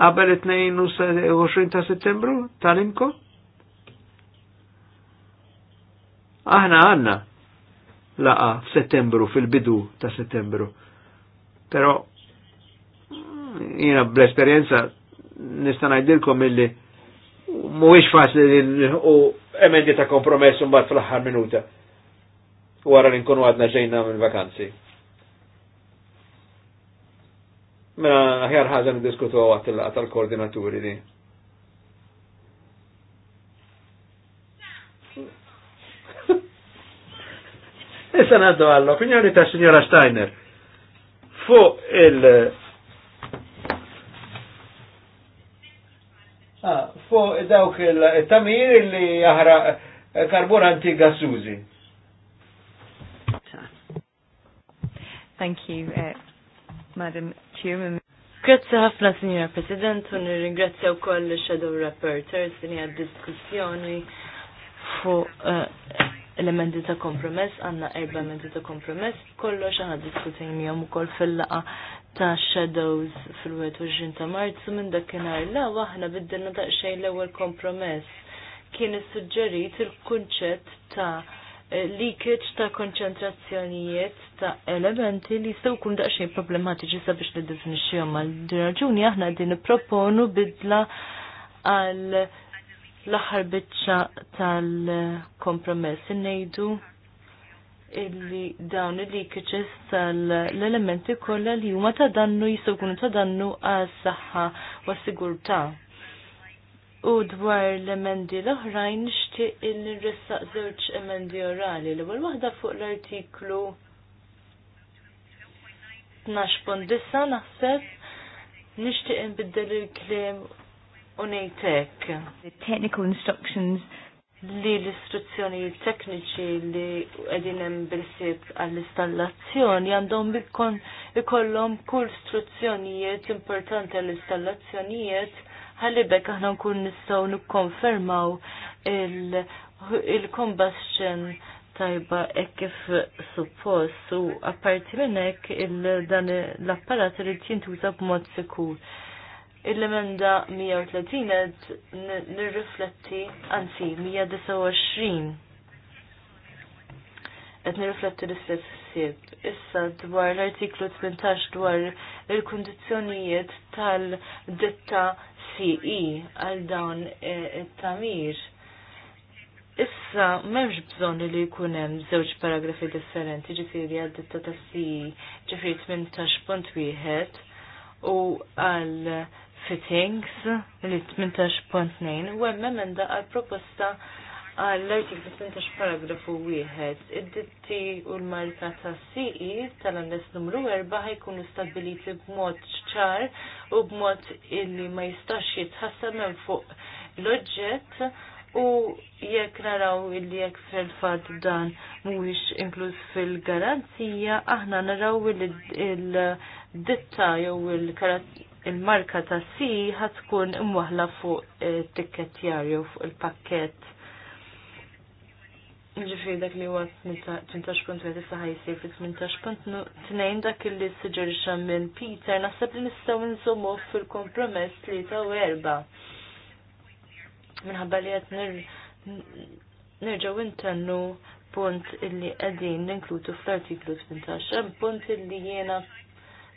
qabel 22 ta' settembru tal-imko? Aħna għanna laqa f'Settembru, fil-bidu ta' Settembru. Però jiena bl-esperjenza nista' ngħidilkom illi mhuwiex faċli li u emendi ta' kompromess mbagħad fl-aħħar minuta wara li nkunu għadna ġejna minn vakanzi. Mela aħjar ħaġa niddiskutu għat tal-koordinaturi li. Issa għaddu għall-opinjoni ta' signora Steiner fuq il- ah, fuq dawk il-tamir li jahra karburanti gassużi. Thank you, uh, Madam Chairman. Grazzi ħafna, Signora President, u nirringrazzja wkoll shadow rapporteurs li għad diskussjoni fuq uh, l-emendi ta' kompromess, għanna erba emendi ta' kompromess, kollox xaħad diskutin jom u koll fil-laqa ta' shadows fil-21 ta' marzu minn dakinar la' waħna biddilna ta' xejn l-ewel kompromess. Kien suġġerit il-kunċett ta' leakage ta' konċentrazzjonijiet ta' elementi li jistaw kun daqxejn problematiċi sabiex li definixxihom għal din raġuni aħna din proponu bidla għal l-aħħar biċċa tal-kompromess nejdu illi dawn il kħiċis tal-elementi kollha li huma ta' dannu jistgħu jkunu ta' dannu għas-saħħa u għas-sigurtà. U dwar l-emendi l-oħrajn nixtieq illi nressaq żewġ emendi orali. L-ewwel waħda fuq l-artiklu 12.9 naħseb nixtieq inbiddel il-kliem unitek. The technical instructions li l-istruzzjoni tekniċi li edinem bil-sib għall-installazzjoni għandhom ikollhom kull istruzzjonijiet importanti għall-installazzjonijiet ħalibek aħna nkun nistgħu nikkonfermaw il-combustion il tajba hekk kif suppost u apparti minn hekk dan l-apparat irid jintuża b'mod sikur il emenda 130 nirrifletti, anzi, 129 għed nirrifletti l-istess ħsieb. Issa dwar l-artiklu 18 dwar il-kondizjonijiet tal-ditta CE għal dawn e, it-tamir. Issa memx bżon li jkun hemm żewġ paragrafi differenti ġifieri għal ditta ta' CE ġifieri 18.1 u għal fittings li 18.2 u hemm emenda għal proposta għall-artiklu 18 paragrafu 1 id-ditti u l-marka ta' CE tal-annes numru 4 ħajkunu stabiliti b'mod ċar u b'mod illi ma jistax jitħassam minn fuq l-oġġett U jekk naraw illi jekk fil-fat dan mhuwiex inkluż fil-garanzija, aħna naraw il-ditta jew il-karazz il-marka ta' C ħad tkun imwaħla fuq tikket jarju fuq il-pakket. Ġifiri dak li huwa 18.3 saħaj jsir fi 18.2 dak li suġġerixxa minn Peter naħseb li nistgħu nżommu fil-kompromess li ta' erba. Minħabba li qed nerġgħu intennu punt illi qegħdin ninkludu fl-artiklu 18, punt illi jiena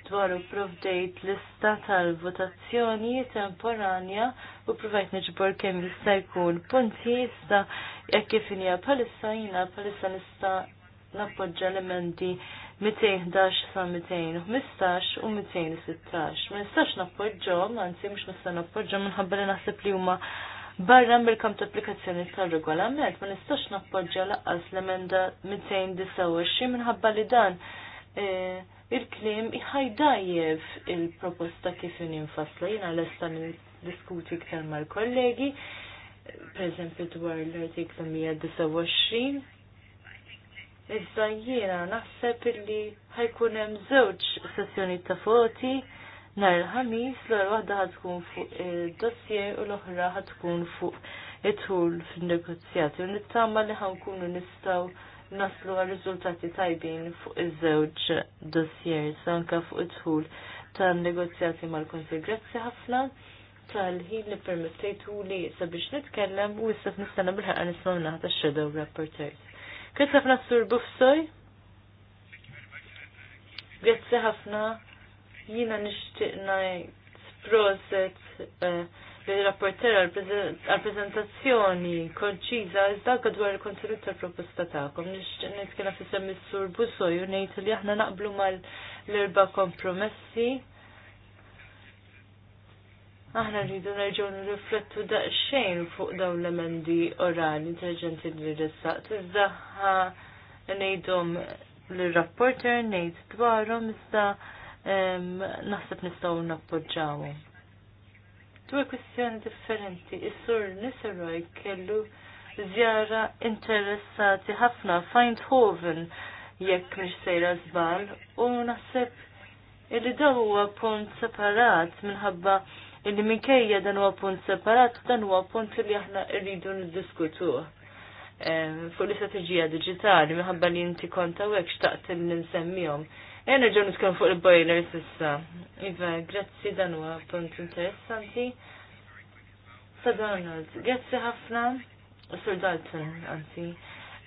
dwar u provdejt lista tal-votazzjoni temporanja u provajt neġbor kemm jista' jkun punti jista' jekk kif inja palissa jina palissa nista' nappoġġa elementi 211 sa 215 u 216. Ma nistax nappoġġhom, anzi mhux nista' nappoġġhom minħabba li naħseb li huma barra mill kam ta' applikazzjoni tal-regolament ma nistax nappoġġa laqqas l-emenda 229 minħabba li dan eh, il-klim iħajdajjev il-proposta kif ninfasla jina l-esta diskuti iktar mal-kollegi, per eżempju dwar l-artiklu 129. Iżda jiena naħseb illi ħajkun hemm żewġ sessjoni ta' voti nhar il-ħamis l waħda ħad fuq id-dossier u l-oħra ħatkun fuq it-tul fin-negozjati u nittama li ħankunu nistgħu naslu għal riżultati tajbin fuq iż-żewġ dossiers anke fuq id-dħul tan-negozjati mal konsil Grazzi ħafna tal-ħin li permettejtu li sabiex nitkellem u issa nistana bil-ħarqa nisma' ta' shadow rapporters. Kif ħafna sur Bufsoj? Grazzi ħafna. Jina nixtieq ngħid uh l-rapporter għal-prezentazzjoni konċiza, iżda għadwar dwar il-kontenut tal-proposta ta'kom. Nixtieq nitkellem fi semmi s-sur Busoju ngħid li aħna naqblu mal-erba' kompromessi. Aħna rridu nerġgħu nirriflettu xejn fuq dawn l-emendi orali intelligenti li ressaqt. Iżda ngħidhom l-rapporter ngħid dwarhom iżda ehm, naħseb nistgħu nappoġġawhom dwar kwestjoni differenti. Is-sur Nisseroy kellu żjara interessati ħafna Feindhoven jekk mhix sejra żbal u naħseb illi dan huwa punt separat minħabba illi minkejja dan huwa punt separat dan huwa punt li aħna rridu niddiskutuh eh, fuq l-istrateġija digitali minħabba li inti konta hekk xtaqt li nsemmihom. Enerġu eh, nitkellem fuq il boiler sissa. Iva, grazzi dan huwa punt interessanti. Sa Donald, grazzi ħafna. Sur Dalton, anzi.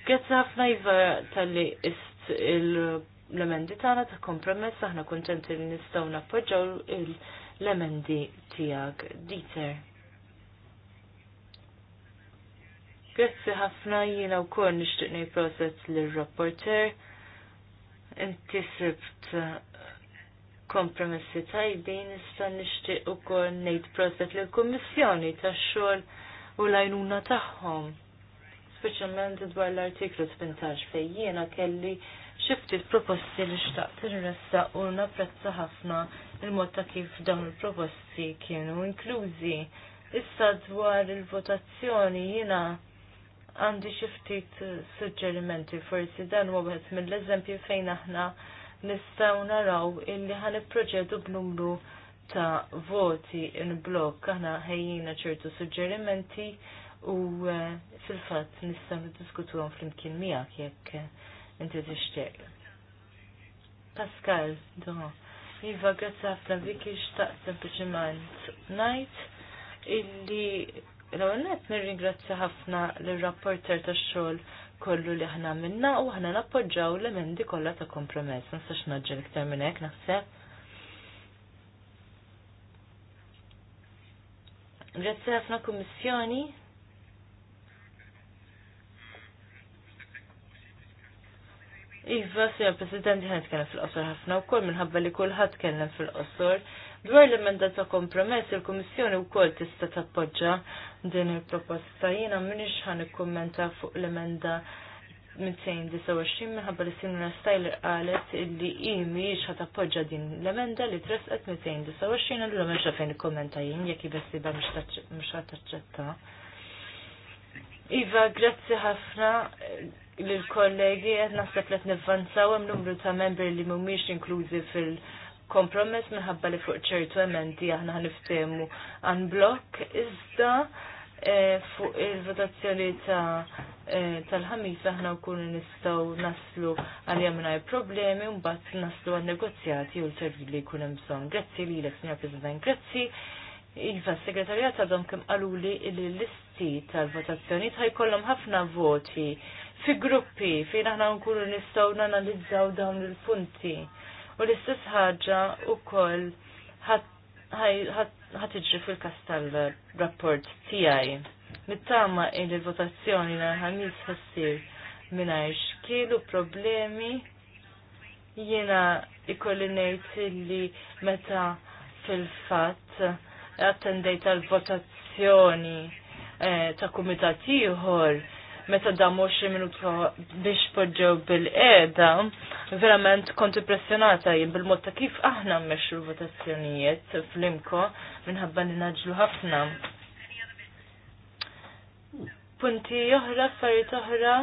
Grazzi ħafna Iva tal-li ist l-emendi tagħna ta' kompromess aħna kuntenti li nistgħu nappoġġaw l-emendi tiegħek. Dieter. Grazzi ħafna jiena wkoll nixtieq nishtiqni proset lir-rapporter. Inti sibt eh, kompromissi tajbin issa nixtieq ukoll ngħid proset lill kummissjoni tax-xogħol u l-għajnuna tagħhom. Speċjalment dwar l-artiklu 18 fejjena kelli xi ftit proposti li xtaqt irressa u napprezza ħafna il-mod ta' kif dawn il-proposti kienu inklużi. Issa dwar il-votazzjoni jiena għandi xi ftit eh, suġġerimenti forsi dan u wieħed mill-eżempju fejn aħna nistgħu naraw illi ħan proġedu b'numru ta' voti in blok aħna ħejjina ċertu suġġerimenti u eh, fil-fatt nistgħu fl flimkien miegħek jekk eh, inti tixtieq. Pascal, do. Iva, grazzi ħafna viki ta' sempliciment najt illi l-għonet nir-ringrazzja ħafna l-rapporter ta' xol kollu li ħna minna u ħna nappoġġaw l-emendi kollha ta' kompromess. Nistax naġġel iktar minn hekk naħseb. Grazzi ħafna kummissjoni. Iva, sija President, ħan kellem fil-qosor ħafna u kol minħabba li kullħat kellem fil-qosor. Dwar l-emenda ta' kompromess il-Kummissjoni wkoll tista' tappoġġa din il-proposta. Jiena m'iniex ħan kommenta fuq l-emenda 229 minħabba li Sinra Styler qalet illi i miex appoġġa din l-emenda li tresqet 229 għallu l-għamil fejn kommenta jien jekk jibessi iva ba mhux taċċetta. Iva, grazzi ħafna l-kollegi, għed naħseb li nivvanzaw hemm numru ta' membri li mhumiex inklużi fil- kompromess minħabba li fuq ċertu emendi aħna ħaniftemu għan blok iżda eh, fuq il-votazzjoni ta' eh, tal-ħamis aħna nkunu nistgħu naslu għal jemnaj problemi u mbagħad naslu għan negozjati u l-servi li jkun hemm bżonn. Grazzi lilek, Sinjor Prezident, grazzi. Iva, segretarjat għadhom kem qaluli li l-listi tal-votazzjoni ħajkollhom ħafna voti fi gruppi fejn aħna nkunu nistgħu nanalizzaw dawn il-punti u l-istess ħaġa wkoll ħat iġri fil-kas rapport tiegħi. Mittama il votazzjoni l-ħamis ħassir mingħajr xkielu problemi jiena ikolli ngħid li meta fil-fatt attendejt għal votazzjoni eh, ta' komitati ieħor meta dam xi minuta biex poġġew bil-qeda, verament kont impressjonata jien bil-mod ta' kif aħna mmexxu votazzjonijiet fl-imko minħabba li naġlu ħafna. Punti oħra, affarijiet oħra.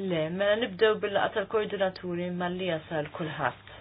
Le, mela nibdew bil-laqa tal-koordinaturi mal lija sal kulħadd.